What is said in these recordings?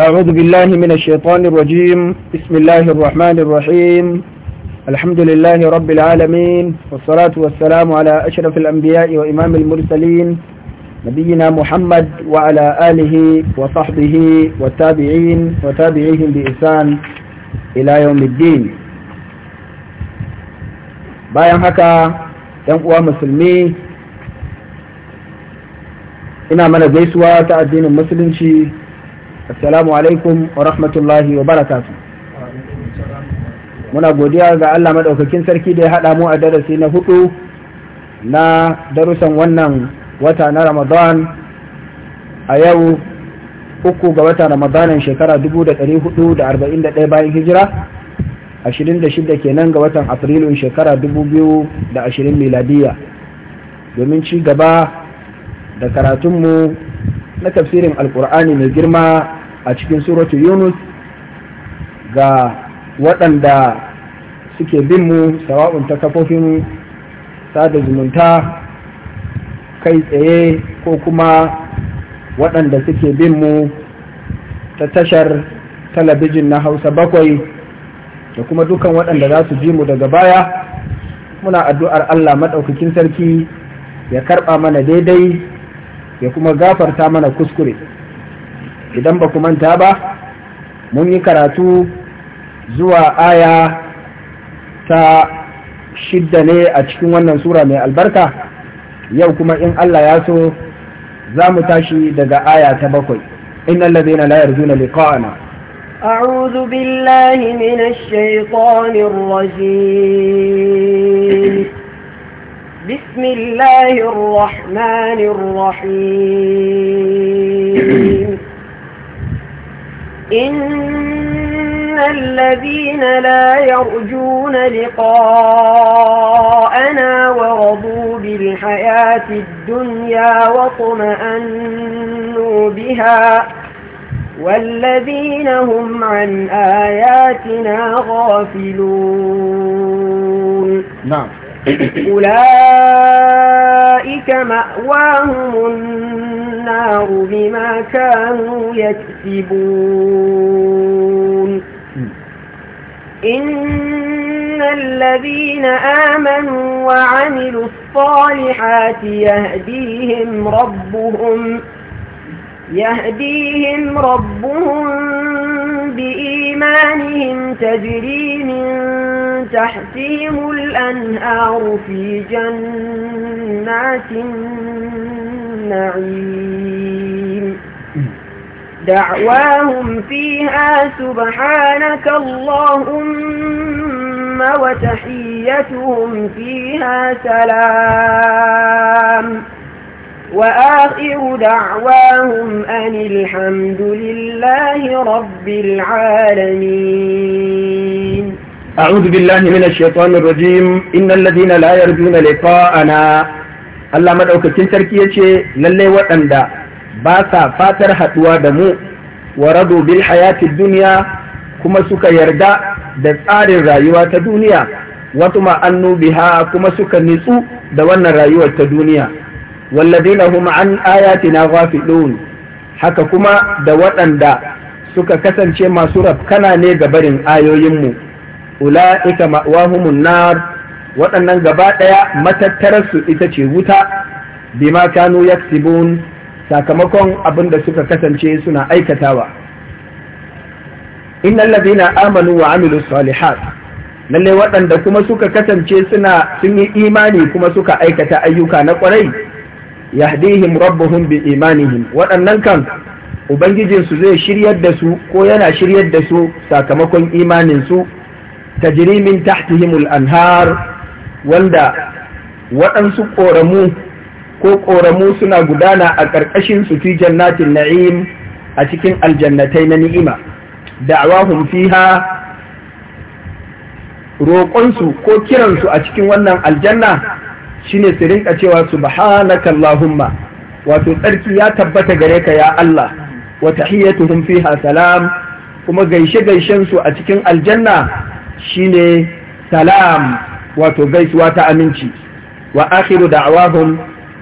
أعوذ بالله من الشيطان الرجيم بسم الله الرحمن الرحيم الحمد لله رب العالمين والصلاة والسلام على أشرف الأنبياء وإمام المرسلين نبينا محمد وعلى آله وصحبه والتابعين وتابعيهم بإحسان إلى يوم الدين bayan haka ‘yan uwa musulmi ina mana gaisuwa ta addinin musulunci assalamu alaikum wa rahmatullahi wa barakatu muna godiya ga Allah madaukakin sarki da ya haɗa mu a darasi na hudu na darussan wannan wata na ramadan a yau uku ga wata ramadanin shekara 1441 bayan hijira 26 kenan ga watan afrilun shekara 2020 miladiya domin ci gaba da karatunmu na tafsirin alkur'ani mai girma a cikin suratu yunus ga waɗanda suke bin mu sawa'un ta kafofin sada zumunta kai tsaye ko kuma waɗanda suke bin mu ta tashar talabijin na hausa bakwai da kuma dukan waɗanda za su ji mu daga baya muna addu'ar allah maɗaukakin sarki ya karɓa mana daidai ya kuma gafarta mana kuskure idan ba ku manta ba mun yi karatu zuwa aya ta shidda ne a cikin wannan sura mai albarka yau kuma in Allah ya so za mu tashi daga aya ta bakwai innal ladhina la yarjuna liqa'ana أعوذ بالله من الشيطان الرجيم بسم الله الرحمن الرحيم إن الذين لا يرجون لقاءنا ورضوا بالحياة الدنيا وطمأنوا بها والذين هم عن آياتنا غافلون نعم أولئك مأواهم النار بما كانوا يكسبون إن الذين آمنوا وعملوا الصالحات يهديهم ربهم ربهم يهديهم ربهم بإيمانهم تجري من تحتهم الأنهار في جنات النعيم دعواهم فيها سبحانك اللهم وتحيتهم فيها سلام وآخر دعواهم أن الحمد لله رب العالمين أعوذ بالله من الشيطان الرجيم إن الذين لا يرجون لقاءنا Allah maɗaukakin sarki ya ce lalle waɗanda ba sa fatar haɗuwa da mu wa rado bil hayatid duniya kuma suka yarda da tsarin rayuwa ta duniya wato ma'annu biha kuma suka nitsu da wannan rayuwar ta duniya والذين هم عن آياتنا غافلون haka kuma da waɗanda suka kasance masu rafkana ne ga barin ayoyinmu ula'ika ma'wahumun nar waɗannan gaba ɗaya matattararsu ita ce wuta bima kanu sakamakon abin da suka kasance suna aikatawa innal ladina amanu wa amilus salihat lalle waɗanda kuma suka kasance suna sun yi imani kuma suka aikata ayyuka na ƙwarai yahdihim rabbuhum bi imanihim waɗannan kan ubangijinsu zai shiryar da su ko yana shiryar da su sakamakon imaninsu tajrimin tahtihimul anhar wanda waɗansu ƙoramu ko ƙoramu suna gudana a ƙarƙashin su fi jannatin na'im a cikin aljannatai na ni'ima da'awahum fiha roƙonsu ko kiransu a cikin wannan aljanna shine su rinka cewa subhanaka allahumma wato tsarki ya tabbata gare ka ya Allah wa tahiyyatuhum fiha salam kuma gaishe gaishen su a cikin aljanna shine salam wato gaisuwa ta aminci wa akhiru da'awahum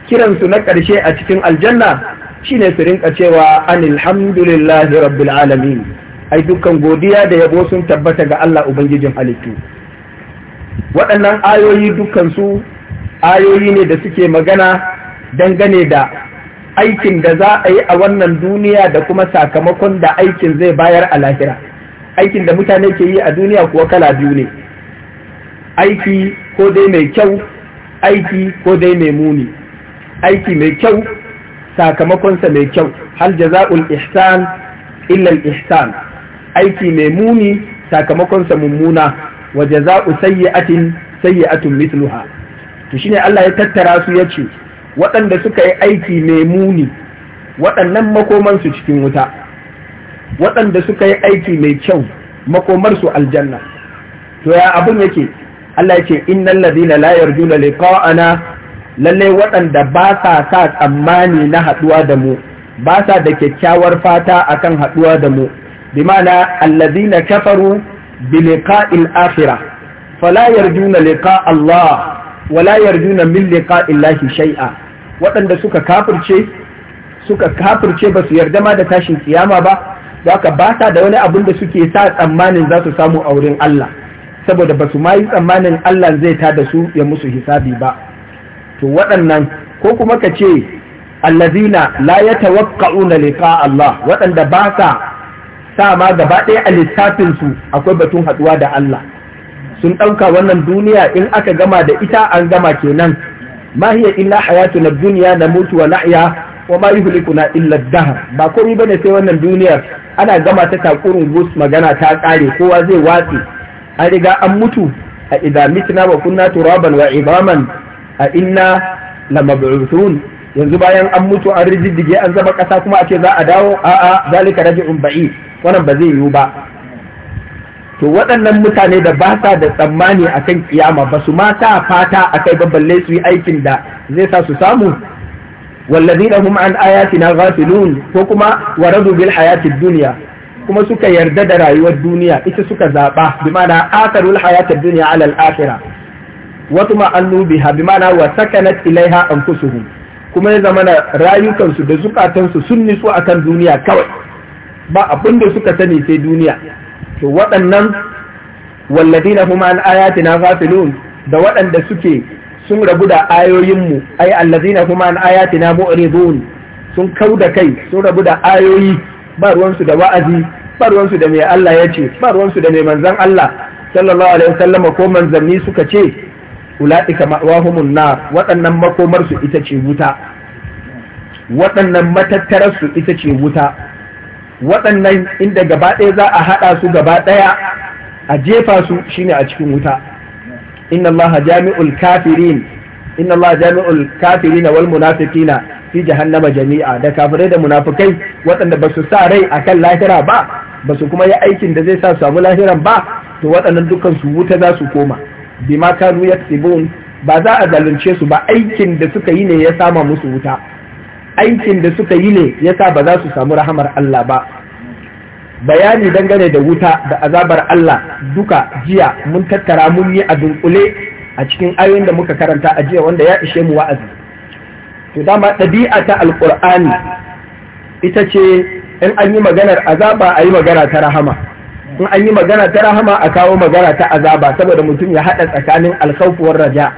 kiran su na ƙarshe a cikin aljanna shine su rinka cewa alhamdulillahi rabbil alamin ai dukkan godiya da yabo sun tabbata ga Allah ubangijin halittu waɗannan ayoyi dukkan su ayoyi ne da suke magana dangane da aikin da za a yi a wannan duniya da kuma sakamakon da aikin zai bayar a lahira aikin da mutane ke yi a duniya kuwa kala biyu ne aiki ko dai mai kyau aiki ko dai mai muni aiki mai kyau sakamakonsa mai kyau hal jaza'ul ihsan illal ihsan aiki mai muni sakamakonsa mummuna wa jaza'u sayyi'atin sayyi'atun mithluha to shine Allah ya tattara su ya ce waɗanda suka yi aiki mai muni waɗannan su cikin wuta waɗanda suka yi aiki mai kyau makomarsu aljanna to ya abin yake Allah yake innal ladina la yarjuna liqa'ana lalle waɗanda ba sa sa tsammani na haɗuwa da mu ba sa da kyakkyawar fata akan haɗuwa da mu bi ma'ana alladina kafaru bi liqa'il akhirah fala yarjuna liqa Allah wala yarjuna min liqa'illahi shay'a waɗanda suka kafirce suka kafirce ba su yarda ma da tashin kiyama ba haka ba sa da wani abin da suke sa tsammanin za su samu a wurin Allah saboda ba su ma yi tsammanin Allah zai ta da su ya musu hisabi ba to waɗannan ko kuma ka ce allazina la yatawaqqa'una liqa Allah waɗanda ba sa sa ma gaba ɗaya a lissafinsu akwai batun haɗuwa da Allah sun ɗauka wannan duniya in aka gama da ita an gama kenan ma hiya illa hayatu na duniya na mutu wa na'ya wa ma yuhlikuna illa dahar ba komai bane sai wannan duniyar ana gama ta takurin magana ta kare kowa zai watsi an riga an mutu a idza mitna wa kunna turaban wa idaman a inna lamab'uthun yanzu bayan an mutu an rijiddige an zama kasa kuma a ce za a dawo a'a zalika raji'un ba'i wannan ba zai yiwu ba to waɗannan mutane da ba sa da tsammani a kan kiyama ba su ma sa fata a kai ba balle su yi aikin da zai sa su samu wallazina hum an ayatina ghafilun ko kuma waradu bil hayatid duniya? kuma suka yarda da rayuwar duniya ita suka zaba bi ma'ana akarul hayati duniya ala al akhirah wa tuma annu bi ma'ana wa sakanat ilaiha anfusuhum kuma ya zamana rayukansu da zukatansu sun nisu akan duniya kawai ba abin da suka sani sai duniya to waɗannan walladina kuma an ayati ayatina ghafilun da waɗanda suke sun rabu da ayoyinmu ai allazina kuma an ayati ayatina mu'ridun sun kauda kai sun rabu da ayoyi ba ruwansu da wa'azi ba ruwansu da mai Allah ya ce ba ruwansu da mai manzan Allah sallallahu alaihi wasallam ko manzanni suka ce ulaika ma'wahumun nar waɗannan makomarsu ita ce wuta waɗannan matattararsu ita ce wuta waɗannan inda gaba ɗaya za a haɗa su gaba ɗaya a jefa su shine a cikin wuta inna Allah jami'ul kafirin inna Allah jami'ul kafirina wal munafiqina fi jahannama jami'a da kafirai da munafukai, waɗanda ba su sa rai akan lahira ba ba su kuma yi aikin da zai sa su samu lahiran ba to waɗannan dukkan su wuta za su koma bima kanu tsibon, ba za a zalunce su ba aikin da suka yi ne ya sama musu wuta aikin da suka yi ne yasa ba za su samu rahamar Allah ba bayani dangane da wuta da azabar Allah duka jiya mun tattara mun yi a dunkule a cikin ayoyin da muka karanta a jiya wanda ya ishe mu wa'azi to dama ɗabi'a ta alƙur'ani ita ce in an yi maganar azaba a yi magana ta rahama in an yi magana ta rahama a kawo magana ta azaba saboda mutum ya haɗa tsakanin alkhawfuwar raja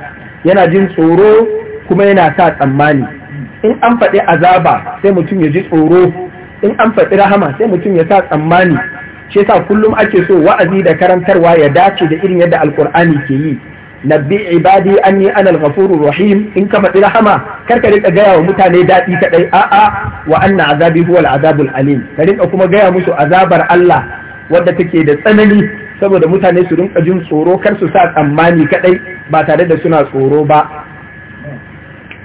yana jin tsoro kuma yana sa tsammani in an faɗi azaba sai mutum ya ji tsoro in an faɗi rahama sai mutum ya sa tsammani shi yasa kullum ake so wa'azi da karantarwa ya dace da irin yadda alkur'ani ke yi nabbi ibadi anni ana al rahim in ka faɗi rahama kar ka rika gaya wa mutane daɗi kaɗai a'a wa anna azabi huwa al alim ka rika kuma gaya musu azabar Allah wadda take da tsanani saboda mutane su rinka jin tsoro kar su sa tsammani kaɗai ba tare da suna tsoro ba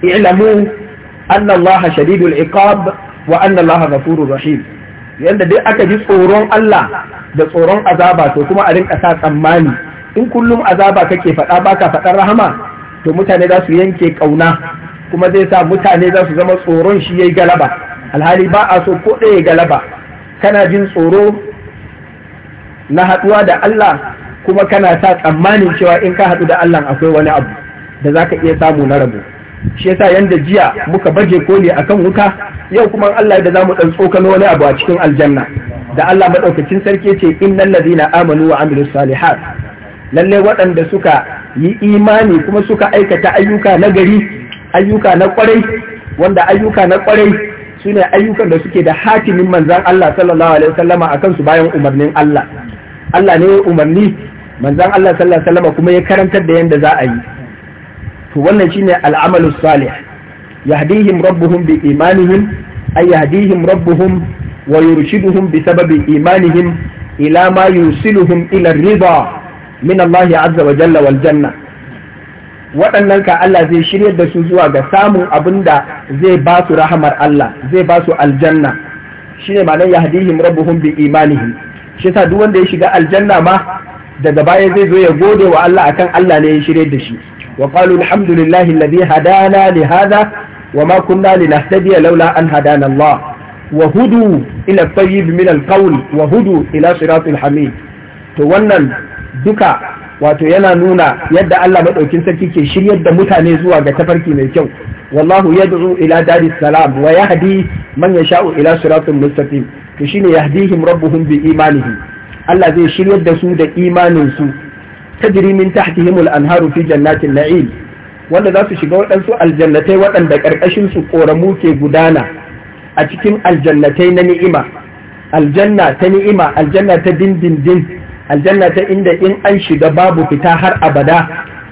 i'lamu anna Allah shadidul iqab wa anna Allah ghafurur yanda dai aka ji tsoron Allah da tsoron azaba to kuma a rinka sa tsammani in kullum azaba kake faɗa baka faɗar rahama to mutane za su yanke ƙauna kuma zai sa mutane za su zama tsoron shi yayi galaba alhali ba a so ko ɗaya galaba kana jin tsoro na haɗuwa da Allah kuma kana sa tsammanin cewa in ka haɗu da Allah akwai wani abu da za ka iya samu na rabo shi yasa yanda jiya muka baje koli akan wuta yau kuma Allah da zamu dan tsokano wani abu a cikin aljanna da Allah madaukakin sarki yace innal ladina amanu wa amilus salihat lalle waɗanda suka yi imani kuma suka aikata ayyuka na gari ayyuka na kwarai wanda ayyuka na kwarai sune ayyukan da suke da hakimin manzon Allah sallallahu alaihi wasallama akan su bayan umarnin Allah Allah ne ya umarni manzon Allah sallallahu alaihi wasallama kuma ya karantar da yanda za a yi to wannan shine al'amalu salih yahdihim rabbuhum bi imanihim ay yahdihim rabbuhum wa yurshiduhum bi sababi imanihim ila ma yusiluhum ila ar-ridha min Allah azza wa jalla wal janna waɗannan ka Allah zai shiryar da su zuwa ga samun abin da zai ba su rahamar Allah zai ba su aljanna Shi shine ma'anar yahdihim rabbuhum bi imanihim shi yasa duk wanda ya shiga aljanna ma daga baya zai zo ya gode wa Allah akan Allah ne ya shiryar da shi وقالوا الحمد لله الذي هدانا لهذا وما كنا لنهتدي لولا أن هدانا الله وهدوا إلى الطيب من القول وهدوا إلى صراط الحميد تونن دكا wato yana nuna yadda Allah maɗaukin sarki ke shiryar da mutane zuwa ga tafarki mai kyau wallahu yad'u ila daris salam wa yahdi man yasha'u ila siratin mustaqim to shine yahdihim rabbuhum bi imanihi Allah zai shiryar da su da imanin su tajri min tahtihim al-anharu fi jannatin na'im wanda za su shiga waɗansu aljannatai waɗanda ƙarƙashin su ƙoramu ke gudana a cikin aljannatai na ni'ima aljanna ta ni'ima aljanna ta dindindin aljanna ta inda in an shiga babu fita har abada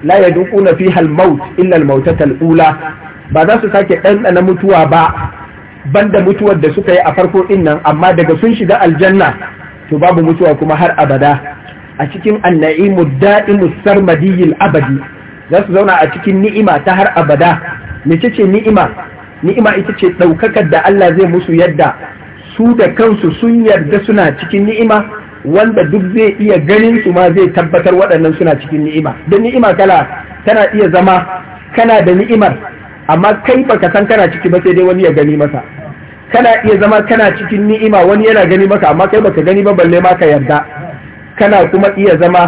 la yaduquna fiha al-maut illa al al-ula ba za su sake ɗanɗana mutuwa ba banda mutuwar da suka yi a farko ɗin nan amma daga sun shiga aljanna to babu mutuwa kuma har abada a cikin anna'imu da'imu sarmadiyil abadi za su zauna a cikin ni'ima ta har abada mece ce ni'ima ni'ima ita ce ɗaukakar da Allah zai musu yadda su da kansu sun yarda suna cikin ni'ima wanda duk zai iya ganin su ma zai tabbatar waɗannan suna cikin ni'ima Da ni'ima kala tana iya zama kana da ni'imar amma kai baka san kana ciki ba sai dai wani ya gani masa kana iya zama kana cikin ni'ima wani yana gani maka amma kai baka gani ba balle ma ka yarda kana kuma iya zama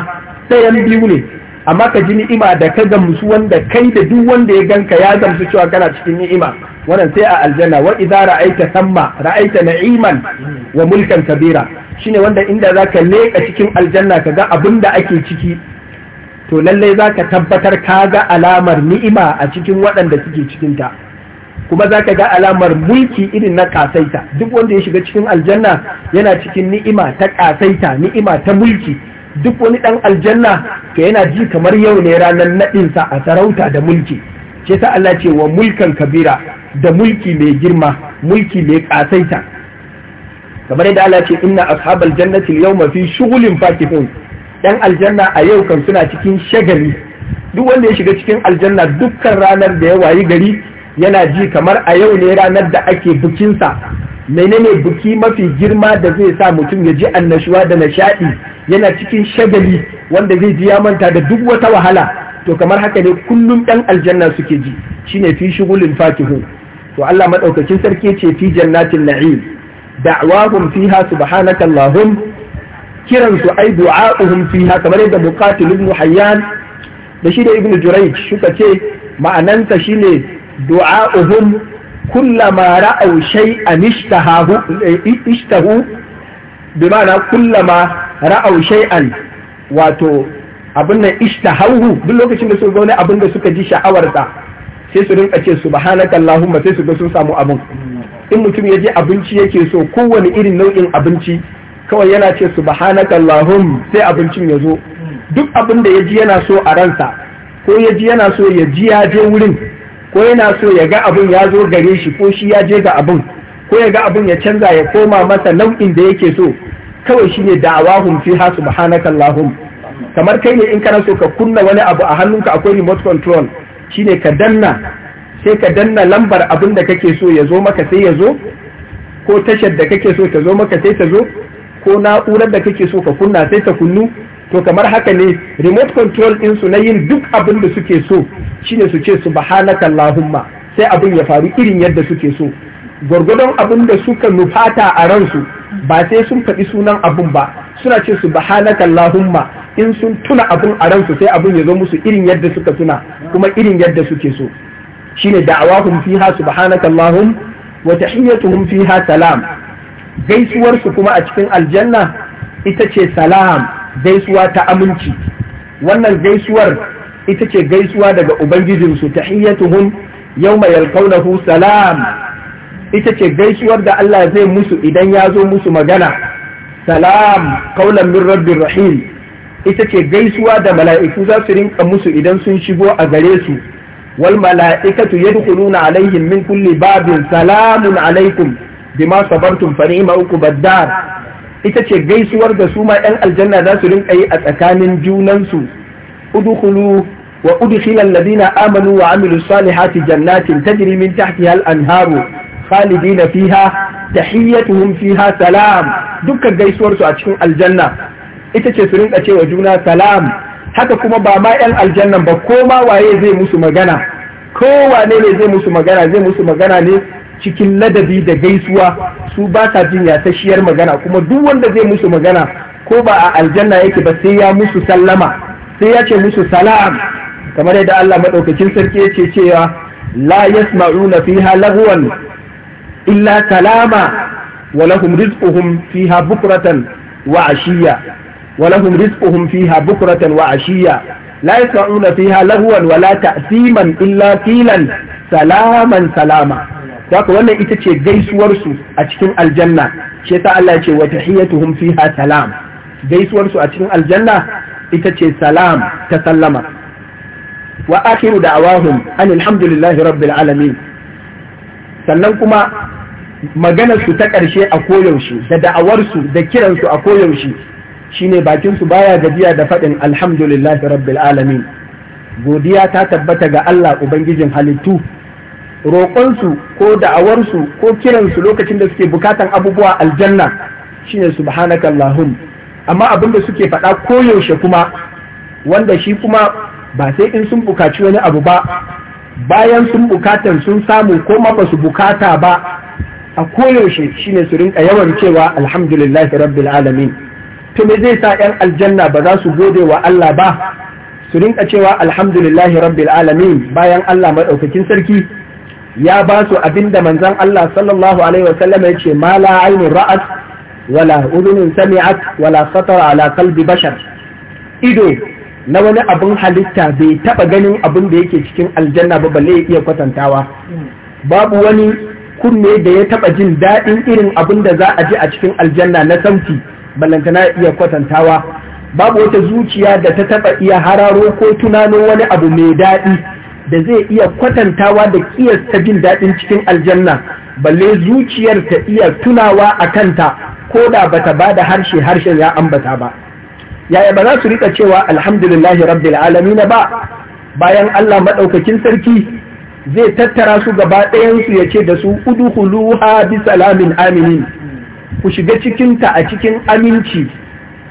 ɗayan biyu ne amma ka ji ni'ima da ka gamsu wanda kai da duk wanda ya ganka ya gamsu cewa kana cikin ni'ima wannan sai a aljanna wa idza ra'aita samma ra'aita na'iman wa mulkan kabira shine wanda inda zaka leka cikin aljanna ka ga abin da ake ciki to lalle zaka tabbatar ka ga alamar ni'ima a cikin waɗanda suke cikin ta kuma za ka ga alamar mulki irin na kasaita duk wanda ya shiga cikin aljanna yana cikin ni'ima ta kasaita ni'ima ta mulki duk wani dan aljanna ka yana ji kamar yau ne ranar naɗinsa a sarauta da mulki ce ta Allah ce wa mulkan kabira da mulki mai girma mulki mai kasaita kamar yadda Allah ce inna ashabal jannati yau yawma fi shughulin fakihun aljanna a yau kan suna cikin shagali duk wanda ya shiga cikin aljanna dukkan ranar da ya wayi gari yana ji kamar a yau ne ranar da ake bukinsa menene buki mafi girma da zai sa mutum ya ji annashuwa da nishaɗi yana cikin shagali wanda zai ji ya manta da duk wata wahala to kamar haka ne kullum ɗan aljanna suke ji shine fi shugulin fakihu to Allah sarki ce fi jannatin na'im da'wahum fiha subhanaka kiran su ai du'a'uhum fiha kamar yadda muqatil ibn hayyan da shi da ibn jurayj suka ce ma'anansa shine du'a'uhum kullama ra'aw shay'an ishtahahu ishtahu kullama ra'aw shay'an wato abin nan ishtahahu duk lokacin da suka ga wani abin da suka ji sha'awarsa sai su rinka ce subhanaka allahumma sai su ga sun samu abin in mutum ya ji abinci yake so kowane irin nau'in abinci kawai yana ce subhanaka allahum sai abincin ya zo duk abin da ya ji yana so a ransa ko ya ji yana so ya ji ya je wurin ko yana so ya ga abin ya zo gare shi ko shi ya je ga abin ko ya ga abin ya canza ya koma masa nau'in da yake so kawai shi ne da'awa shine ha subhanaka allahum kamar kai ne in kana so ka kunna wani abu a hannunka akwai remote control shine ka danna sai ka danna lambar abin da kake so ya zo maka sai ya zo ko tashar da kake so ta zo maka sai ta zo ko na'urar da kake so ka kunna sai ta kunnu to kamar haka ne remote control din su na yin duk abin da suke so shine su ce subhanaka allahumma sai abin ya faru irin yadda suke so gwargwadon abin da suka nufata a ransu ba sai sun faɗi sunan abin ba suna ce subhanaka allahumma in sun tuna abin a ransu sai abin ya zo musu irin yadda suka tuna kuma irin yadda suke so shine da'awahum fiha subhanaka allahum wa tahiyyatuhum fiha salam gaisuwar kuma a cikin aljanna ita ce salam gaisuwa ta aminci wannan gaisuwar ita ce gaisuwa daga ubangijinsu tahiyyatuhum yawma yalqawnahu salam ita ce gaisuwar da Allah zai musu idan ya zo musu magana salam qawlan min rabbir rahim ita ce gaisuwa da mala'iku za su rinka musu idan sun shigo a gare su wal mala'ikatu yadkhuluna alaihim min kulli babin salamun alaikum bima sabartum fa ni'ma uqbad ita ce gaisuwar da su ma 'yan aljanna za su rinka yi a tsakanin junansu udkhulu wa udkhila alladhina amanu wa amilu salihati jannatin tajri min tahtiha al-anharu khalidina fiha tahiyyatuhum fiha salam dukkan gaisuwar su a cikin aljanna ita ce su rinka cewa juna salam haka kuma ba ma 'yan aljannan ba ko ma waye zai musu magana Kowa wane ne zai musu magana zai musu magana ne cikin ladabi da gaisuwa su ba ta jin yasasshiyar magana kuma duk wanda zai musu magana ko ba a aljanna yake ba sai ya musu sallama sai ya ce musu salam kamar yadda Allah madaukakin sarki yake cewa la yasma'una fiha lagwan illa kalama wa lahum rizquhum fiha bukratan wa ashiya wa lahum rizquhum fiha bukratan wa ashiya la yasma'una fiha lagwan wa la ta'siman illa qilan salaman salama ku wannan ita ce gaisuwarsu a cikin aljanna ce ta Allah ce wa tahiyyatuhum fiha salam gaisuwarsu a cikin aljanna ita ce salam ta sallama wa akhiru da'awahum alhamdulillahi rabbil alamin sannan kuma maganarsu ta ƙarshe a koyaushe da da'awarsu da kiransu a koyaushe shine bakin su baya gajiya da faɗin alhamdulillahi rabbil alamin godiya ta tabbata ga Allah ubangijin halittu roƙonsu ko da'awarsu ko kiransu lokacin da suke bukatan abubuwa aljanna shine subhanaka allahum amma abin da suke faɗa koyaushe kuma wanda shi kuma ba sai in sun bukaci wani abu ba bayan sun bukatan sun samu ko ma ba su bukata ba a koyaushe shine su rinka yawan cewa alhamdulillah rabbil alamin to me zai sa 'yan aljanna ba za su gode wa Allah ba su rinka cewa alhamdulillah rabbil alamin bayan Allah maɗaukakin sarki ya ba su abinda manzan Allah sallallahu alaihi wasallam ya ce ma la ainihin ra'ad wala udhunun sami'at wala satar ala kalbi bashar ido na wani abin halitta bai taba ganin abin da yake cikin aljanna ba balle ya iya kwatantawa babu wani kunne da ya taba jin daɗin irin abin da za a ji a cikin aljanna na samti ballantana iya kwatantawa babu wata zuciya da ta taba iya hararo ko tunanin wani abu mai daɗi da zai iya kwatantawa da kiyasta jin daɗin cikin aljanna balle zuciyar ta iya tunawa a kanta ko da bata ba da harshe harshen ya ambata ba yaya ba za su rika cewa alhamdulillahi rabbil alamin ba bayan Allah maɗaukakin sarki zai tattara su gaba ɗayansu ya ce da su udkhuluha bi salamin aminin ku shiga cikinta a cikin aminci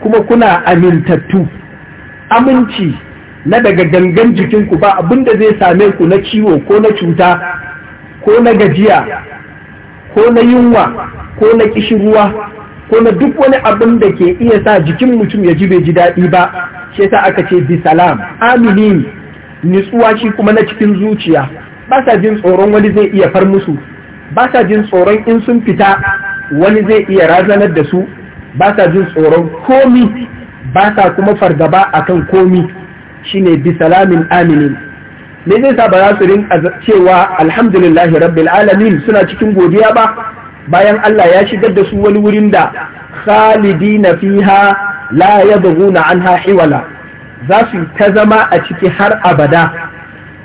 kuma kuna amintattu aminci na daga gangan jikinku ba abin da zai same ku na ciwo ko na cuta ko na gajiya ko na yunwa ko na kishirwa ko na duk wani abin da ke iya sa jikin mutum ya ji bai ji daɗi ba shi sa aka ce bi salam amini nutsuwa shi kuma na cikin zuciya ba sa jin tsoron wani zai iya far musu ba sa jin tsoron in sun fita wani zai iya razanar da su ba sa jin tsoron komi ba sa kuma fargaba akan komi shine bi salamin aminin me zai sa ba za su rinka cewa alhamdulillahi rabbil alamin suna cikin godiya ba bayan Allah ya shigar da su wani wurin da khalidina fiha la yabghuna anha hiwala za su ta zama a ciki har abada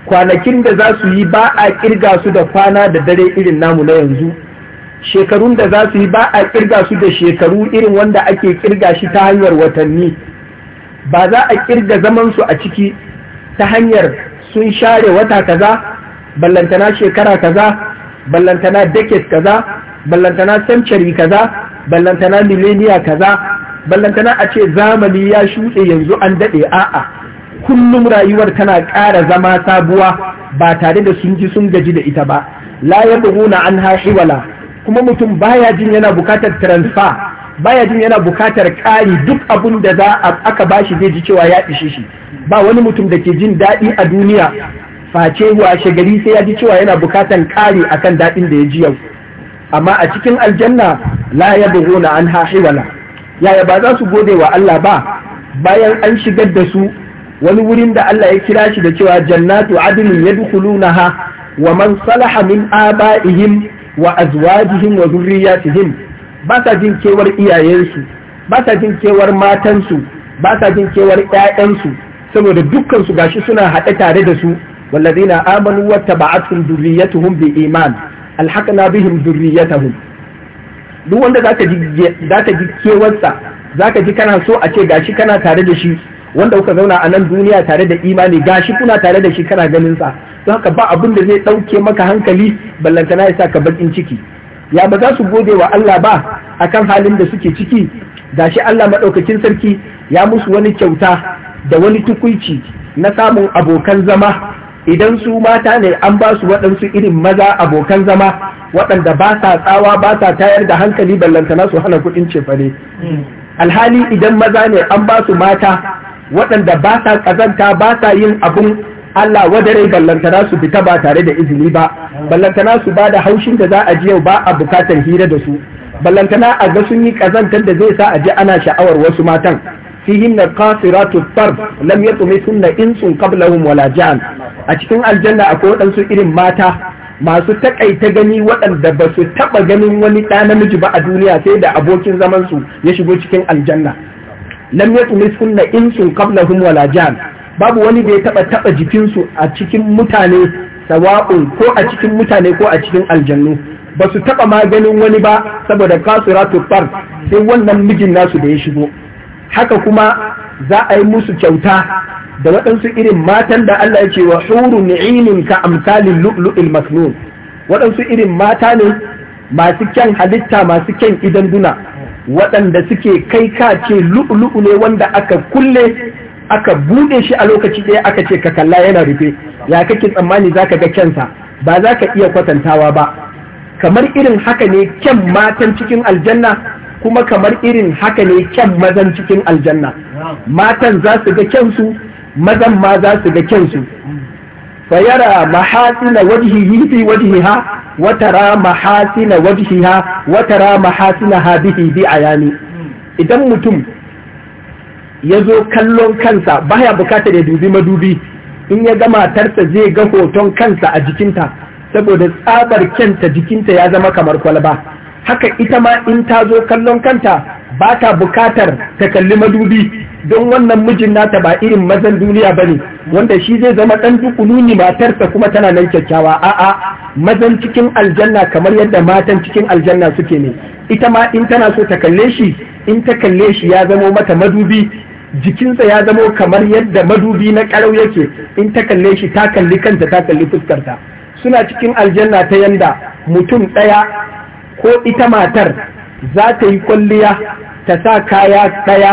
kwanakin da za su yi ba a kirga su da kwana da dare irin namu na yanzu shekarun da za su yi ba a kirga su da shekaru irin wanda ake ƙirga shi ta hanyar watanni ba za a kirga zamansu a ciki ta hanyar sun share wata kaza ballantana shekara kaza ballantana decades kaza ballantana century kaza ballantana millennia kaza ballantana a ce zamani ya shuɗe yanzu an daɗe a'a kullum rayuwar tana ƙara zama sabuwa ba tare da sun ji sun gaji da ita ba la ya buhuna an wala kuma mutum baya jin yana bukatar transfer baya jin yana bukatar ƙari duk abun da za a aka bashi zai ji cewa ya ishe shi ba wani mutum da ke jin daɗi a duniya face washe gari sai ya ji cewa yana bukatar ƙari akan daɗin da ya ji yau amma a cikin aljanna la ya buhuna an hahiwala yaya ba za su gode wa Allah ba bayan an shigar da su wani wurin da Allah ya kira shi da cewa jannatu adnin yadkhulunaha wa man salaha min aba'ihim wa azwajihim wa dhurriyyatihim ba sa jin kewar iyayensu ba sa jin kewar matansu ba sa jin kewar 'ya'yansu, saboda dukkansu ga gashi suna haɗe tare da su wallazina amanu wattaba'atuhum dhurriyyatuhum bi iman alhaqna bihim dhurriyyatahum duk wanda zaka ji zaka ji kewarsa zaka ji kana so a ce gashi kana tare da shi wanda kuka zauna a nan duniya tare da imani gashi kuna tare da shi kana ganin sa don haka ba abin da zai ɗauke maka hankali ballantana ya sa ka bakin ciki ya ba za su gode wa Allah ba a kan halin da suke ciki shi Allah maɗaukakin sarki ya musu wani kyauta da wani tukuici na samun abokan zama idan su mata ne an ba su waɗansu irin maza abokan zama waɗanda ba sa tsawa ba sa tayar da hankali ballantana su hana kuɗin cefane alhali idan maza ne an ba su mata waɗanda ba sa ƙazanta ba sa yin abun Allah wadare ballantana su fita ba tare da izini ba ballantana su ba da haushin da za a ji yau ba a bukatar hira da su ballantana a ga sun yi kazantar da zai sa a ji ana sha'awar wasu matan fihinna qasiratu tarf lam yatmisunna insun qablahum wala jan a cikin aljanna akwai waɗansu irin mata masu takaita gani waɗanda ba su taɓa ganin wani ɗa namiji ba a duniya sai da abokin zamansu ya shigo cikin aljanna lam yatmisunna insun qablahum wala jan babu wani da ya taba taba jikinsu a cikin mutane sawa'un ko a cikin mutane ko a cikin aljannu ba su taba maganin wani ba saboda kasuratu far sai wannan mijin nasu da ya shigo haka kuma za a yi musu kyauta da waɗansu irin matan da Allah ya ce wa huru ni'imin ka amsalin lu'lu'il maknun waɗansu irin mata ne masu kyan halitta masu kyan idan duna waɗanda suke kai ka ce lu'lu'u ne wanda aka kulle aka bude shi a lokaci ɗaya aka ce ka kalla yana rufe ya kake tsammani zaka ga kyansa ba za ka iya kwatantawa ba kamar irin haka ne kyan matan cikin aljanna kuma kamar irin haka ne kyan mazan cikin aljanna matan za su ga kyansu mazan ma za su ga kyansu fayara mahasina wajhihi fi wajihi ha, watara mahasina wajhiha ha, watara mahasina ha bihi bi ayani idan mutum ya zo kallon kansa baya bukatar ya dubi madubi in ya ga matarsa zai ga hoton kansa a jikinta saboda tsabar kyanta jikinta ya zama kamar kwalba haka ita ma in ta zo kallon kanta ba ta bukatar ta kalli madubi don wannan mijin nata ba irin mazan duniya ba ne wanda shi zai zama ɗan ne matarsa kuma tana nan kyakkyawa a'a mazan cikin aljanna kamar yadda matan cikin aljanna suke ne ita ma in tana so ta kalle shi in ta kalle shi ya zamo mata madubi jikinsa ya zamo kamar yadda madubi na karau yake in ta kalle shi ta kalli kanta ta kalli fuskarta suna cikin aljanna ta yanda mutum ɗaya ko ita matar za ta yi kwalliya ta sa kaya ɗaya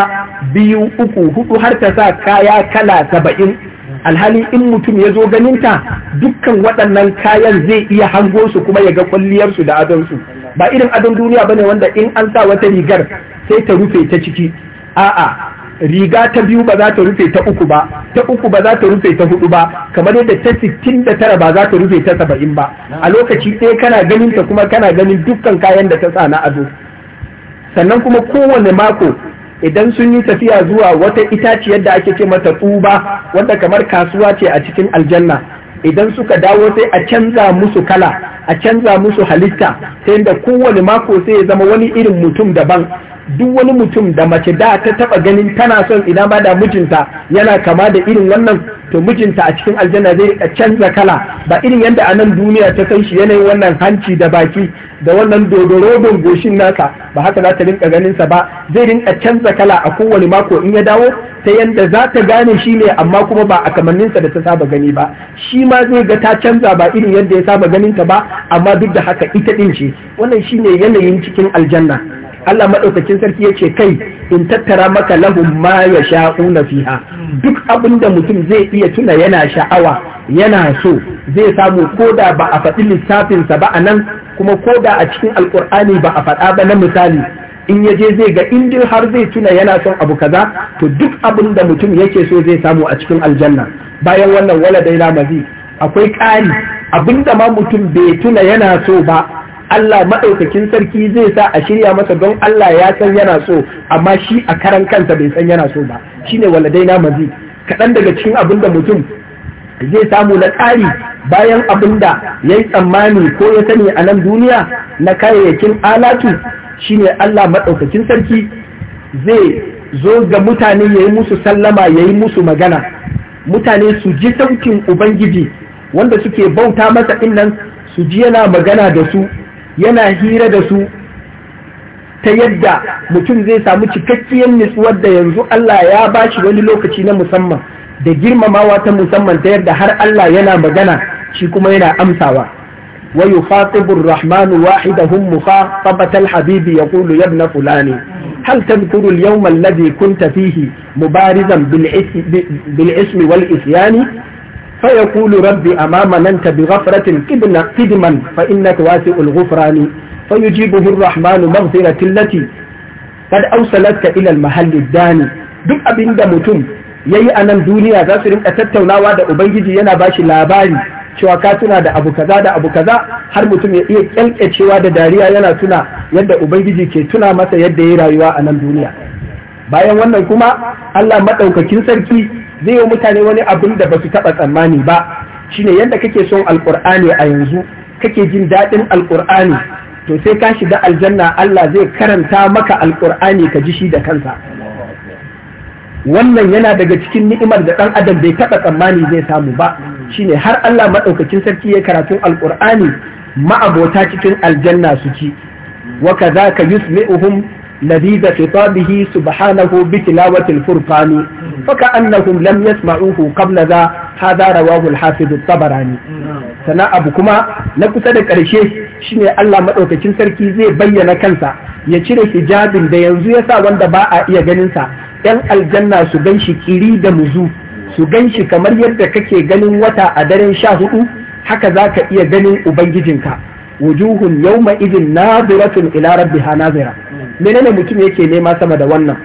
biyu uku hudu har ta sa kaya kala saba'in alhali in mutum ya zo ganinta dukkan waɗannan kayan zai iya hango su kuma ya ga kwalliyarsu da adonsu ba irin adon duniya ba ne wanda in an sa wata rigar sai ta rufe ta ciki a'a riga ta biyu ba za ta rufe ta uku ba ta uku ba za ta rufe ta hudu ba kamar yadda ta sittin da tara ba za ta rufe ta saba'in ba a lokaci ɗaya kana ganin ta kuma kana ganin dukkan kayan da ta sa na ado sannan kuma kowane mako idan sun yi tafiya zuwa wata itaciyar da ake ce mata tsuba wanda kamar kasuwa ce a cikin aljanna idan suka dawo sai a canza musu kala a canza musu halitta ta da kowane mako sai ya zama wani irin mutum daban duk wani mutum da mace da ta taba ganin tana son ina ba da mijinta yana kama da irin wannan to mijinta a cikin aljanna zai a canza kala ba irin yadda a nan duniya ta san shi yanayin wannan hanci da baki da wannan dodorobin goshin nasa ba haka za ta rinka ganin sa ba zai rinka canza kala a kowane mako in ya dawo ta yadda za ta gane shi ne amma kuma ba a kamanninsa da ta saba gani ba shi ma zai ga ta canza ba irin yadda ya saba ganin ta ba amma duk da haka ita din ce wannan shine yanayin cikin aljanna Allah maɗaukacin sarki ya ce kai in tattara maka lahum ma ya sha'una fiha duk abin da mutum zai iya tuna yana sha'awa yana so zai samu koda ba a faɗi lissafinsa ba a nan kuma koda a cikin alƙur'ani ba a faɗa ba na misali in ya je zai ga indin har zai tuna yana son abu kaza to duk abin da mutum yake so zai samu a cikin aljanna bayan wannan wala daina mazi akwai ƙari abinda ma mutum bai tuna yana so ba Allah maɗaukakin sarki zai sa a shirya masa don Allah ya san yana so amma shi a karan kansa bai san yana so ba shine waladai na mazi kaɗan daga cikin abin da mutum zai samu na ƙari bayan abin da ya yi tsammani ko ya sani a nan duniya na kayayyakin alatu shine Allah maɗaukakin sarki zai zo ga mutane ya yi musu sallama ya yi musu magana mutane su ji sautin ubangiji wanda suke bauta masa din nan su ji yana magana da su yana hira da su ta yadda mutum zai samu cikakkiyar nutsuwar da yanzu Allah ya ba shi wani lokaci na musamman da girmamawa ta musamman ta yadda har Allah yana magana shi kuma yana amsawa wa yukhatibu ar-rahmanu wahidahum mukhatabata habibi yaqulu ya ibn fulani hal tadhkuru al-yawma alladhi kunta fihi mubarizan bil ismi wal isyani فيقول ربي أمامننت بغفرة قدما فإنك واسع الغفران فيجيبه الرحمن مغفرة التي قد أوصلتك إلى المحل الداني duk abin da mutum ya yi a nan duniya za su rinka tattaunawa da ubangiji yana ba shi labari cewa ka tuna da abu kaza da abu kaza har mutum ya iya kyalkyacewa da dariya yana tuna yadda ubangiji ke tuna masa yadda ya rayuwa a nan duniya bayan wannan kuma allah maɗaukakin sarki zai yi mutane wani abin da ba su taɓa tsammani ba shine yadda kake son alƙur'ani a yanzu kake jin daɗin alƙur'ani to sai ka shiga aljanna Allah zai karanta maka alƙur'ani ka ji shi da kansa wannan yana daga cikin ni'imar da ɗan adam bai taɓa tsammani zai samu ba shine har Allah maɗaukacin sarki ya karatun alƙur'ani ma'abota cikin aljanna su ci wa ka yusmi'uhum لذيذ خطابه سبحانه بتلاوة الفرقان فكأنهم لم يسمعوه قبل ذا هذا رواه الحافظ الطبراني sana abu kuma na kusa da ƙarshe shine Allah maɗaukacin sarki zai bayyana kansa ya cire hijabin da yanzu ya sa wanda ba a iya ganinsa ‘yan aljanna su gan shi ƙiri da muzu su gan shi kamar yadda kake ganin wata a daren sha hudu haka za ka iya ganin ubangijinka wujuhun yawma idin naziratun ila rabbiha nazira menene mutum yake nema sama da wannan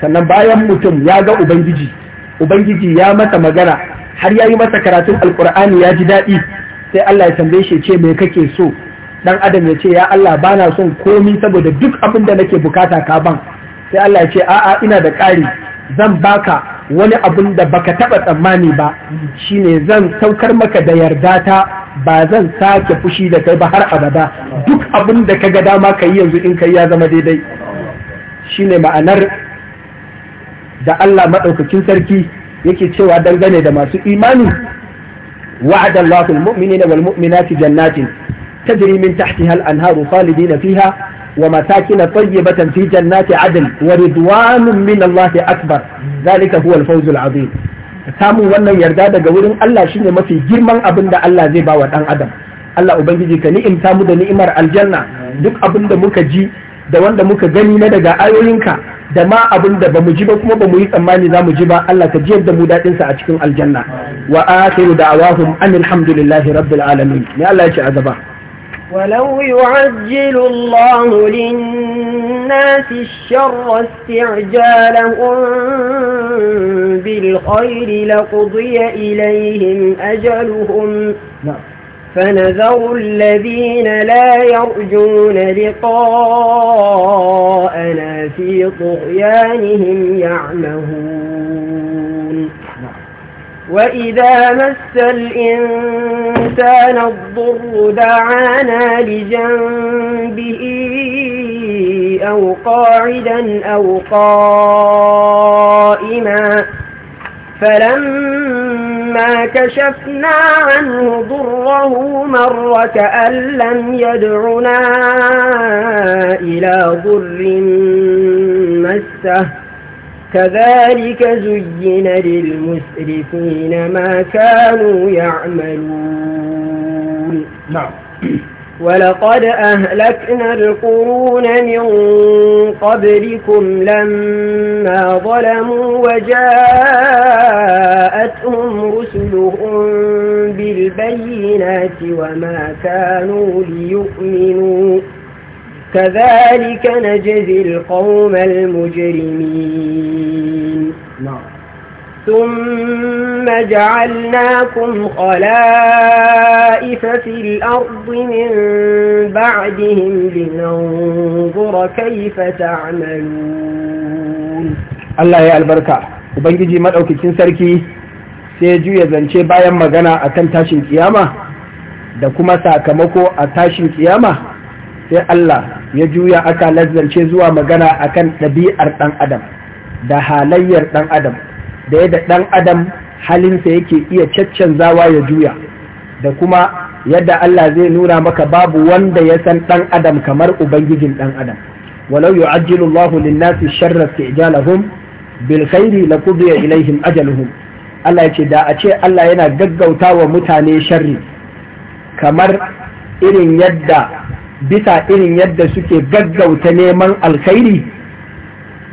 sannan bayan mutum ya ga ubangiji ubangiji ya masa magana har ya yi masa karatun alkur'ani ya ji daɗi sai Allah ya tambaye shi ce me kake so dan adam ya ce ya Allah bana son komi saboda duk abin da nake bukata ka ban sai Allah ya ce a'a ina da ƙari zan baka wani abun da baka taɓa tsammani ba shine zan saukar maka da yarda ta ba zan sake fushi da kai ba har abada duk abun da ka ga dama ka yi yanzu in kai ya zama daidai shine ma'anar da Allah maɗaukakin sarki yake cewa dangane da masu imani wa'ada Allahul mu'minina wal mu'minati jannatin tajri min tahtiha al-anharu khalidina fiha ومساكن طيبة في جنات عدن ورضوان من الله أكبر ذلك هو الفوز العظيم samun wannan yarda daga wurin Allah shine mafi girman abin da Allah zai ba wa ɗan adam Allah ubangiji ka ni'imta mu da ni'imar aljanna duk abin da muka ji da wanda muka gani na daga ayoyinka da ma abin da bamu ji ba kuma bamu yi tsammani za mu ji ba Allah ka jiyar da mu daɗin sa a cikin aljanna wa akhiru da'awahum anil hamdulillahi rabbil alamin ne Allah ya ce a ولو يعجل الله للناس الشر استعجالهم بالخير لقضي إليهم أجلهم نعم. فنذر الذين لا يرجون لقاءنا في طغيانهم يعمهون نعم. وإذا مس الإنسان الضر دعانا لجنبه أو قاعدا أو قائما فلما كشفنا عنه ضره مر كأن لم يدعنا إلى ضر مسه كذلك زين للمسرفين ما كانوا يعملون نعم ولقد أهلكنا القرون من قبلكم لما ظلموا وجاءتهم رسلهم بالبينات وما كانوا ليؤمنون كذلك نجزي القوم المجرمين نعم ثم جعلناكم خلائف في الأرض من بعدهم لننظر كيف تعملون الله يا البركة Ubangiji maɗaukakin sarki sai juya zance bayan magana a kan tashin ƙiyama da kuma sakamako a tashin ƙiyama? sai Allah ya juya aka lazzance zuwa magana akan ɗabi'ar ɗan adam da halayyar ɗan adam da yadda ɗan adam halinsa yake iya caccanzawa ya juya da kuma yadda Allah zai nuna maka babu wanda ya san ɗan adam kamar ubangijin ɗan adam walau ajiyar Allahu lin sharraf ke ijalahun bilkhairi na laqudiya ilaihim ajalahun Allah ya ce da a ce Allah yana gaggauta wa mutane sharri kamar irin yadda bisa irin yadda suke gaggauta neman alkhairi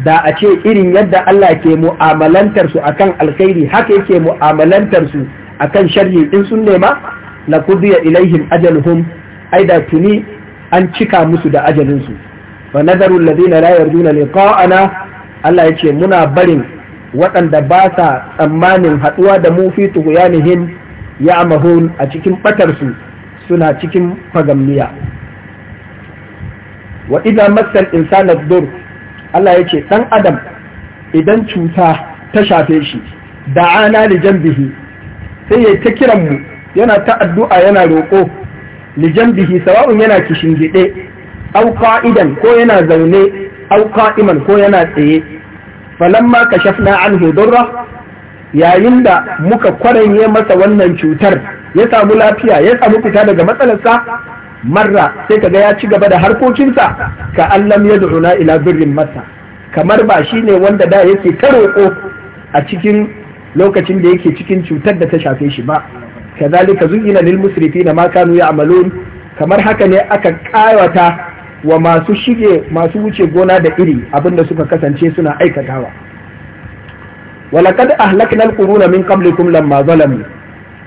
da a ce irin yadda Allah ke mu'amalantarsu su akan alkhairi haka yake mu'amalantar su akan sharri in sun nema la kudiya ilaihim ajaluhum ai da tuni an cika musu da ajalin su fa nadarul ladina la yarjuna liqa'ana Allah yace muna barin waɗanda ba sa tsammanin haɗuwa da mu fi tuhuyanihim ya'mahun a cikin ɓatarsu suna cikin fagamniya wa idza massal insana dur Allah ce dan adam idan cuta ta shafe shi da'ana li janbihi sai ya ta kiran mu yana ta addu'a yana roƙo li janbihi sawa'un yana kishingide aw qa'idan ko yana zaune aw qa'iman ko yana tsaye falamma kashafna anhu durra yayin da muka kwaranye masa wannan cutar ya samu lafiya ya samu fita daga matsalarsa marra sai kaga ya ci gaba da harkokinsa ka allam ya du'una ila birrin masa kamar ba shi ne wanda da yake ta roƙo a cikin lokacin da yake cikin cutar da ta shafe shi ba kazalika zuyina lil musrifina ma kanu ya'malun kamar haka ne aka ƙawata wa masu shige masu wuce gona da iri abinda suka kasance suna aikatawa walaqad ahlakna al min qablikum lamma zalamu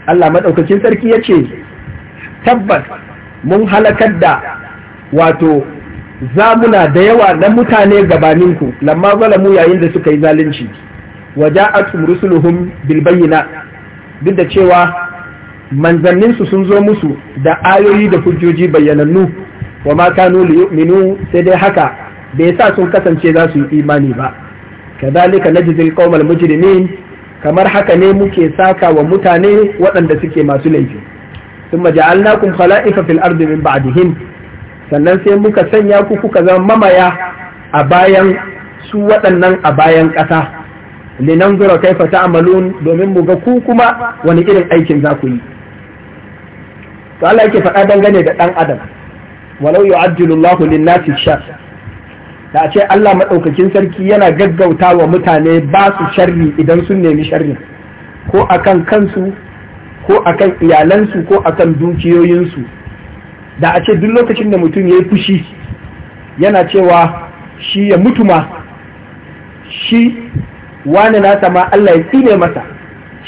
Allah madaukakin sarki yace tabbas mun halakar da wato zamuna da yawa na mutane gabaninku lamma zalamu yayin da suka yi zalunci ja'at rusuluhum bil bayyina duk da cewa manzanninsu sun zo musu da ayoyi da hujjoji bayyanannu wa ma kanu yu'minu sai dai haka bai sa sun kasance za su yi imani ba kadhalika najzil qawmal mujrimin kamar haka ne muke saka wa mutane waɗanda suke masu laifi thumma ja'alnakum khala'ifa fil ardi min ba'dihim sannan sai muka sanya ku kuka zama mamaya a bayan su waɗannan a bayan ƙasa linan zura fata ta'malun domin mu ga ku kuma wani irin aikin za ku yi to Allah yake faɗa dangane da ɗan adam walau yu'ajjilu Allahu lin-nasi shar da a ce Allah maɗaukakin sarki yana gaggauta wa mutane ba su sharri idan sun nemi sharri ko akan kansu ko akan iyalansu ko akan dukiyoyinsu da a ce duk lokacin da mutum ya yi fushi yana cewa shi ya mutu ma shi wani nasa ma Allah ya tsine masa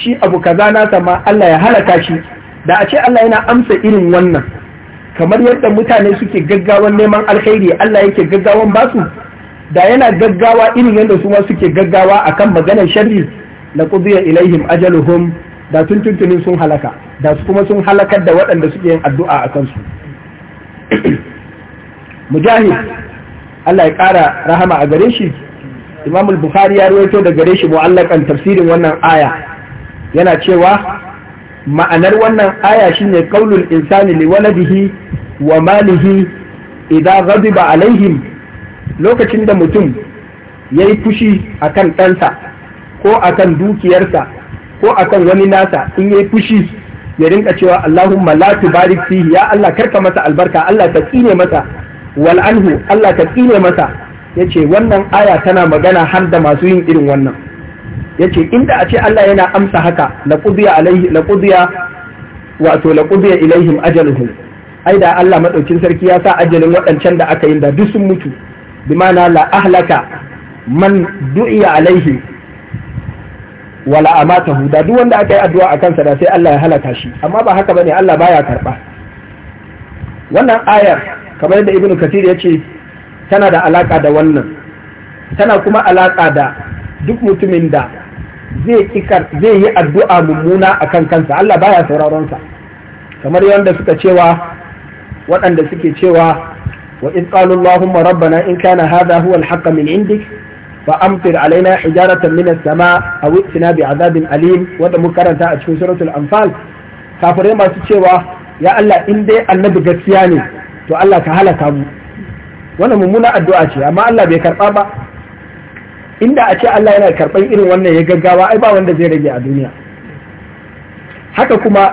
shi abu kaza nasa ma Allah ya halaka shi da a ce Allah yana amsa irin wannan kamar yadda mutane suke gaggawan neman alkhairi Allah yake gaggawan basu da yana gaggawa irin yadda su ma suke gaggawa akan maganar sharri la qudiya ilaihim ajaluhum da tun tuntunin sun halaka da su kuma sun halakar da waɗanda suke yin addu'a a kansu mujahid Allah ya ƙara rahama a gare shi Imam al-Bukhari ya ruwaito da gare shi mu'allakan tafsirin wannan aya yana cewa ma'anar wannan aya shine qaulul insani li waladihi wa malihi idan ghadiba alaihim lokacin da mutum yayi fushi akan ɗansa ko akan dukiyarsa ko akan wani nasa in yayi fushi ya rinka cewa Allahumma la tubarik fihi ya Allah karka masa albarka Allah ka tsine masa wal anhu Allah ka tsine masa yace wannan aya tana magana har da masu yin irin wannan yace inda a ce Allah yana amsa haka la qudiya alaihi la qudiya wato la qudiya ilaihim ajaluhum ai da Allah madaukin sarki ya sa ajalin waɗancan da aka yi da duk sun mutu bimana la ahlaka man du'iya alaihi wala amatahu da duk wanda aka yi addu'a a kansa da sai Allah ya halaka shi amma ba haka bane Allah baya karba wannan ayar kamar yadda ibnu kathir ya ce tana da alaka da wannan tana kuma alaka da duk mutumin da zai zai yi addu'a mummuna akan kansa Allah baya sauraron sa kamar yadda suka cewa waɗanda suke cewa wa in qalu allahumma rabbana in kana hadha huwa al-haqq min فأمطر علينا حجارة من السماء أو ائتنا بعذاب أليم wanda mun karanta a cikin suratul anfal kafirai masu cewa ya Allah in dai annabi gaskiya ne to Allah ka halaka mu wannan mummuna addu'a ce amma Allah bai karba ba inda a ce Allah yana karban irin wannan ya gaggawa ai ba wanda zai rage a duniya haka kuma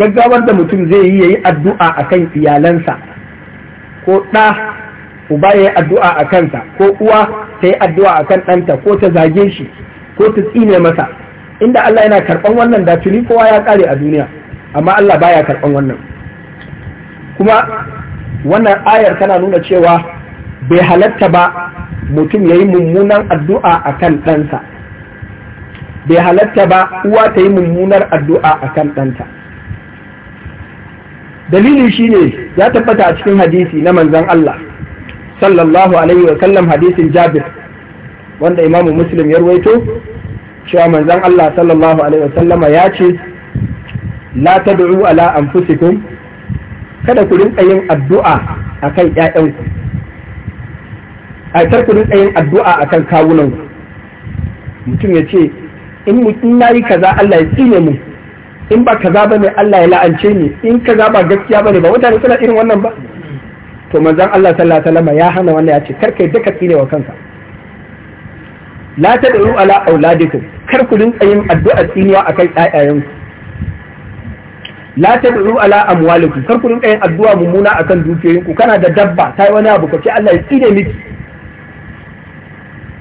gaggawar da mutum zai yi ya yi addu'a akan iyalansa ko ɗa uba yayi addu'a a kansa ko uwa ta yi addu'a a kan ɗanta ko ta zage shi ko ta tsine masa inda Allah yana karɓan wannan da tuni kowa ya ƙare a duniya amma Allah baya karɓan wannan kuma wannan ayar tana nuna cewa bai halatta ba mutum ya yi mummunan addu'a a kan ɗansa bai halatta ba uwa ta yi mummunar addu'a a kan ɗanta dalili shine ya tabbata a cikin hadisi na manzon Allah sallallahu alaihi wa sallam hadisin jabir wanda imamu muslim ya ruwaito cewa manzon Allah sallallahu alaihi wa sallama ya ce la tad'u ala anfusikum kada ku rinka yin addu'a akan ƴaƴanku a ku rinka yin addu'a akan kawunanku mutum ya ce in mutum na yi kaza Allah ya tsine mu in ba kaza bane Allah ya la'ance ni in kaza ba gaskiya bane ba mutane suna irin wannan ba to manzon Allah sallallahu alaihi wasallam ya hana wannan ya ce kar kai duka tsine wa kanka la tad'u ala auladikum kar ku rinka yin addu'a tsiniya akan ƴaƴayen la tad'u ala amwalikum kar ku rinka yin addu'a mummuna akan ku kana da dabba sai wani abu kace Allah ya tsine miki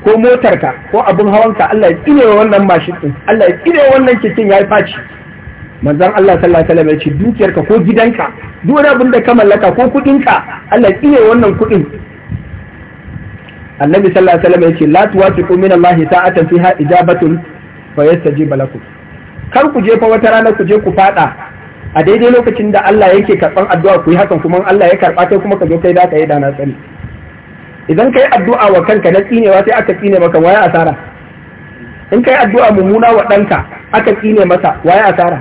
ko motarka ko abun hawanka Allah ya tsine wa wannan mashin din Allah ya tsine wa wannan kicin yayi faci manzan Allah sallallahu alaihi wasallam ya ce dukiyarka ko gidanka duk wani abin da ka mallaka ko kudinka Allah kiyaye wannan kudin annabi sallallahu alaihi wasallam ya ce la tuwafiqu min Allah sa'atan fiha ijabatun fa yastajib lakum kar ku je fa wata rana ku je ku fada a daidai lokacin da Allah yake karban addu'a ku yi hakan kuma Allah ya karba kai kuma ka zo kai da ka yi da na tsani idan kai addu'a wa kanka na tsinewa sai aka tsine maka waye asara in kai addu'a mummuna wa danka aka tsine masa waye asara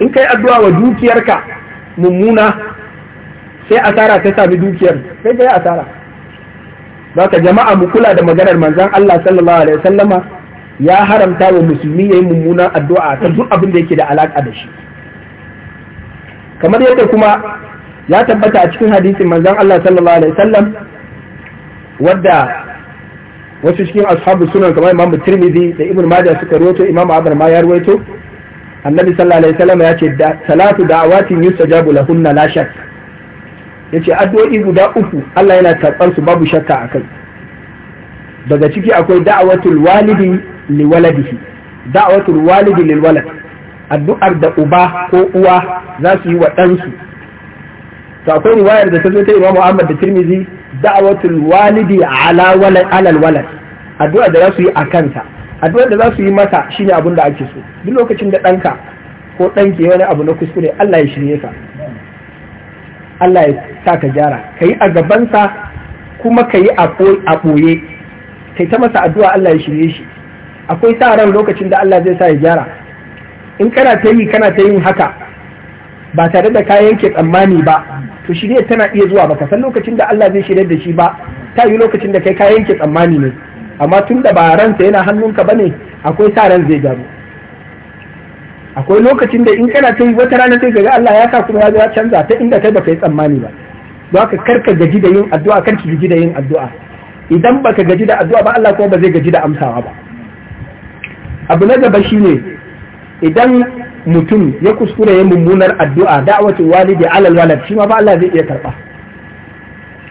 in kai addu'a wa dukiyarka mummuna sai asara ta sami dukiyar sai kai asara ka jama'a mu kula da maganar manzan Allah sallallahu alaihi wasallama ya haramta wa musulmi yayi mummunan addu'a ta duk abin da yake da alaka da shi kamar yadda kuma ya tabbata a cikin hadisin manzan Allah sallallahu alaihi wasallam wadda wasu cikin ashabu sunan kamar Imam Tirmidhi da Ibn Majah suka rawaito Imam Ahmad ma ya rawaito annabi sallallahu alaihi wasallam ya ce salatu da'awatin yustajabu lahunna la shak yace addu'o'i guda uku Allah yana karɓar su babu shakka akai daga ciki akwai da'awatul walidi li waladihi da'awatul walidi lil walad addu'ar da uba ko uwa za su yi wa ɗansu to akwai riwayar da ta zo ta Imam Ahmad da Tirmidhi da'awatul walidi ala walad ala walad addu'a da za su yi a kanta. addu'a da za su yi masa shine abin da ake so duk lokacin da ɗanka ko ɗanki wani abu na kuskure Allah ya shirye ka Allah ya sa ka gyara ka yi a gabansa kuma ka yi a ɓoye ka ta masa addu'a Allah ya shirye shi akwai sa ran lokacin da Allah zai sa ya gyara in kana ta yi kana ta yin haka ba tare da kayan ke tsammani ba to shirye tana iya zuwa baka san lokacin da Allah zai shirye da shi ba ta yi lokacin da kai kayan ke tsammani ne amma tun da ba ransa yana hannunka ba ne akwai sa ran zai gano akwai lokacin da in kana yi wata rana sai ga Allah ya sa kuma ya ya canza ta inda kai baka yi tsammani ba don haka karka gaji da yin addu'a karki gaji da yin addu'a idan baka gaji da addu'a ba Allah kuma ba zai gaji da amsawa ba abu na gaba shine idan mutum ya kuskure ya mummunar addu'a da'awatu walidi alal walad shi ma ba Allah zai iya karba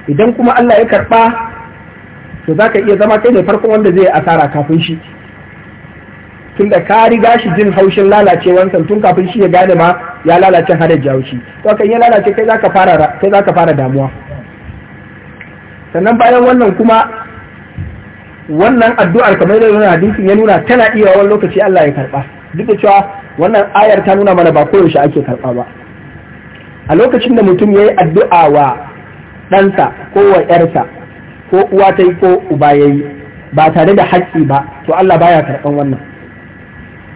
idan kuma Allah ya karba to za ka iya zama kai ne farkon wanda zai asara kafin shi Tun da ka riga shi jin haushin lalacewansa tun kafin shi ya gane ma ya lalace har da to kan ya lalace kai zaka fara kai zaka fara damuwa sannan bayan wannan kuma wannan addu'ar kamar da nuna hadisin ya nuna tana iya wani lokaci Allah ya karba duk da cewa wannan ayar ta nuna mana ba koyaushe ake karba ba a lokacin da mutum ya yi addu'a wa ɗansa ko wa ‘yarsa ko uwa ta yi ko uba ya yi ba tare da haƙƙi ba to Allah baya karɓan wannan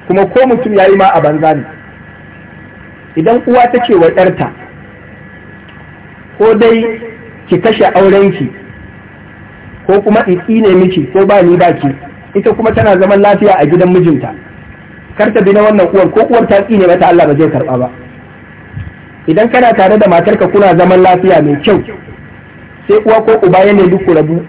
kuma ko mutum ya yi ma a banza ne idan uwa ta ce wa ƴarta ko dai ki kashe aurenki ko kuma in tsine miki ko ba ni ba ita kuma tana zaman lafiya a gidan mijinta kar ta bi na wannan uwar ko uwar ta tsine mata Allah ba zai karɓa ba idan kana tare da matarka kuna zaman lafiya mai kyau sai uwa ko uba ya nemi ku rabu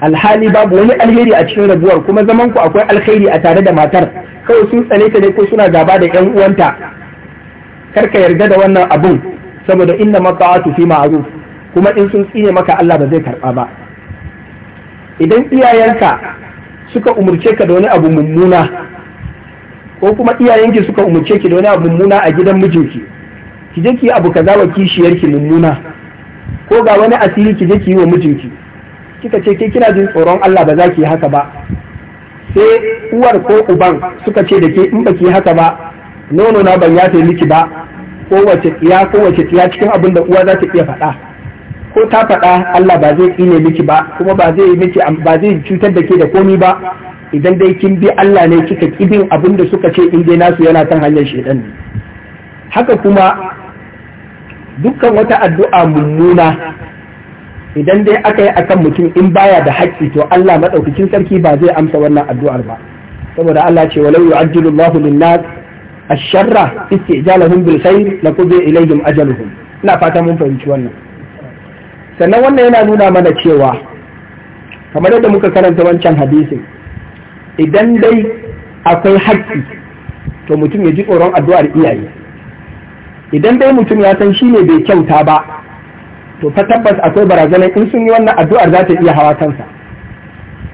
alhali babu wani alheri a cikin rabuwar kuma zaman ku akwai alheri a tare da matar kawai sun tsane ta ne ko suna gaba da yan uwanta kar ka yarda da wannan abun saboda inna mata'atu fi ma'ruf kuma in sun tsine maka Allah ba zai karba ba idan iyayenka suka umurce ka da wani abu mummuna ko kuma iyayenki suka umurce ki da wani abu mummuna a gidan mijinki ki je ki abu kaza wa kishiyarki mummuna ko ga wani asiri ki je ki yi wa mijinki kika ce ke kina jin tsoron Allah ba za ki yi haka ba sai uwar ko uban suka ce da ke in baki yi haka ba nono na ban yafe miki ba kowace tsiya kowace tsiya cikin abin da uwa za ta iya faɗa ko ta faɗa Allah ba zai tsine miki ba kuma ba zai miki ba zai cutar da ke da komi ba idan dai kin bi Allah ne kika kibin abin da suka ce in dai nasu yana kan hanyar shedan ne haka kuma dukkan wata addu'a mummuna idan dai aka yi a kan mutum in baya da haƙƙi to Allah maɗaukakin sarki ba zai amsa wannan addu'ar ba saboda Allah ce walau yu'ajjilu Allahu na nas ash-sharra bil khair laqudi ilayhim ajaluhum ina fata mun fahimci wannan sannan wannan yana nuna mana cewa kamar yadda muka karanta wancan hadisin idan dai akwai haƙƙi to mutum ya ji tsoron addu'ar iyaye idan dai mutum ya san shi ne bai kyauta ba to fa tabbas akwai barazanar in sun yi wannan addu'ar za ta iya hawa kansa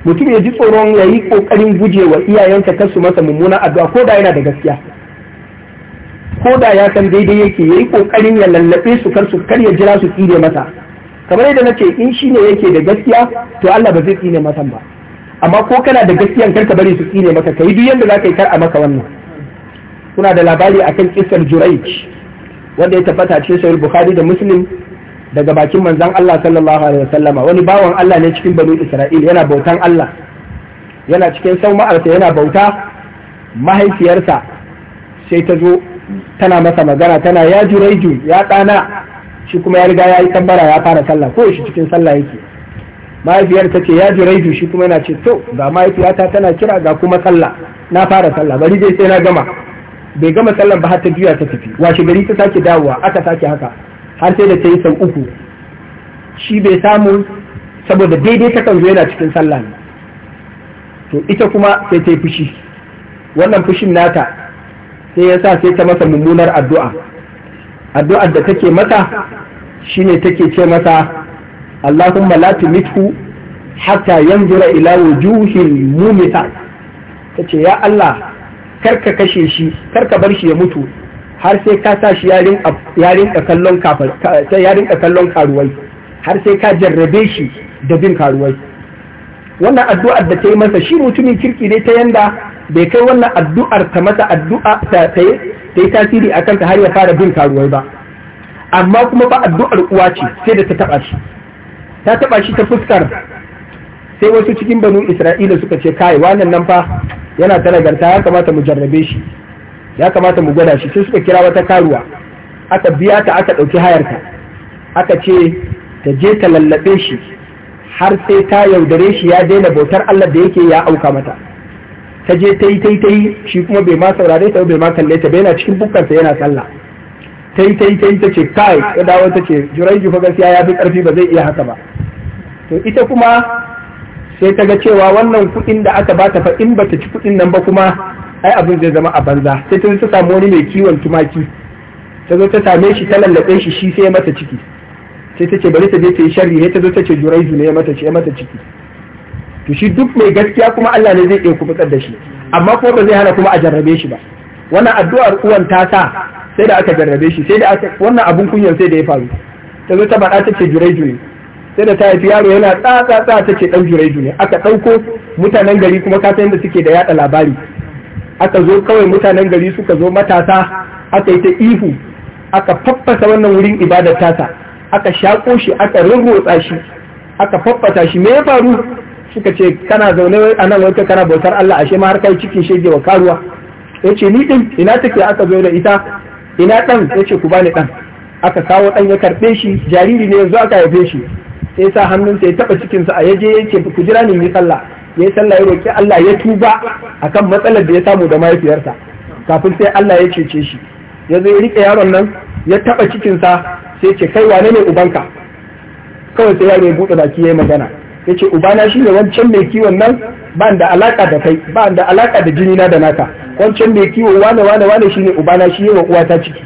mutum ya ji tsoron ya yi ƙoƙarin guje wa iyayensa kan su masa mummuna addu'a ko da yana da gaskiya ko da ya san daidai yake ya yi ƙoƙarin ya lallaɓe su kar su kar ya jira su tsire masa kamar yadda na ce in shi ne yake da gaskiya to Allah ba zai tsire masa ba amma ko kana da gaskiyan kar ka bari su tsine maka kai duk yadda za ka yi kar a maka wannan kuna da labari akan kisar Juraij wanda ya tabbata cikin sahih bukhari da muslim daga bakin manzon Allah sallallahu alaihi wasallama wani bawan Allah ne cikin bani Isra'il yana bautan Allah yana cikin arsa yana bauta mahaifiyarsa sai ta zo tana masa magana tana ya juraiju ya tsana shi kuma ya riga ya yi tambara ya fara sallah ko shi cikin sallah yake mahaifiyar ta ce ya juraiju shi kuma yana ce to ga mahaifiyata tana kira ga kuma sallah na fara sallah bari dai sai na gama bai gama sallan ba har ta juya ta tafi washe gari ta sake dawowa aka sake haka har sai da ta yi sau uku shi bai samu saboda daidai ta kanzo yana cikin sallah ne to ita kuma sai ta yi fushi wannan fushin nata sai ya sa sai ta masa mummunar addu'a addu'ar da take mata shine take ce masa Allahumma la tumithu hatta yanzura ila wujuhil mumitat tace ya Allah kar ka kashe shi kar ka bar shi ya mutu har sai ka sa shi ya rinka kallon karuwai har sai ka jarrabe shi da bin karuwai wannan addu'ar da ta yi masa shi mutumin kirki ne ta yanda bai kai wannan addu'ar ta masa addu'a ta yi tasiri a kanta har ya fara bin karuwai ba amma kuma ba addu'ar uwa ce sai da ta taɓa shi ta taɓa shi ta fuskar sai wasu cikin banu isra'ila suka ce kai wannan nan fa yana ta nagarta ya kamata mu jarrabe shi ya kamata mu gwada shi sai suka kira wata karuwa aka biya ta aka ɗauki hayarta aka ce ta je ta lallaɓe shi har sai ta yaudare shi ya daina bautar Allah da yake ya auka mata ta je ta yi ta yi ta yi shi kuma bai ma saurare ta bai ma kalle ta bai na cikin bukkansa yana sallah ta yi ta yi ta yi ta ce kai ya dawo ta ce jurai jufa gaskiya ya fi karfi ba zai iya haka ba to ita kuma sai ta ga cewa wannan kuɗin da aka bata fa in bata ci kuɗin nan ba kuma ai abin zai zama a banza sai ta ta samu wani mai kiwon tumaki ta zo ta same shi ta lallaɓe shi shi sai ya mata ciki sai ta ce bari ta je ta yi sharri sai ta zo ta ce jurai ne ya mata ya mata ciki to shi duk mai gaskiya kuma Allah ne zai iya kubutar da shi amma kuma ba zai hana kuma a jarrabe shi ba wannan addu'ar uwan ta sa sai da aka jarrabe shi sai da aka wannan abun kunyar sai da ya faru ta zo ta bada ta ce jurai ne sai da ta haifi yaro yana tsatsa tsatsa ta ce dan juraidu ne aka ɗauko mutanen gari kuma ka san da suke da yada labari aka zo kawai mutanen gari suka zo matasa aka yi ta ihu aka faffasa wannan wurin ibadar tasa aka shaƙo shi aka rurrotsa shi aka faffasa shi me ya faru suka ce kana zaune a nan wata kana bautar Allah ashe ma har kai cikin shege wa karuwa ya ce ni din ina take aka zo da ita ina ɗan ya ce ku bani ɗan? aka kawo ɗan ya karɓe shi jariri ne yanzu aka haife shi sai sa hannunsa ya taba cikinsa a yaje ya ce ku jira ni mu sallah ya yi sallah ya roki Allah ya tuba akan matsalar da ya samu da mahaifiyarsa kafin sai Allah ya cece shi ya zo ya rike yaron nan ya taba cikinsa sai ce kai wane ne ubanka kawai sai yaro ya buɗe baki ya yi magana ya ce ubana shi ne wancan mai kiwon nan ba da alaka da kai ba da alaka da jini na da naka wancan mai kiwo wane wane wane shi ne ubana shi yi wa uwata ciki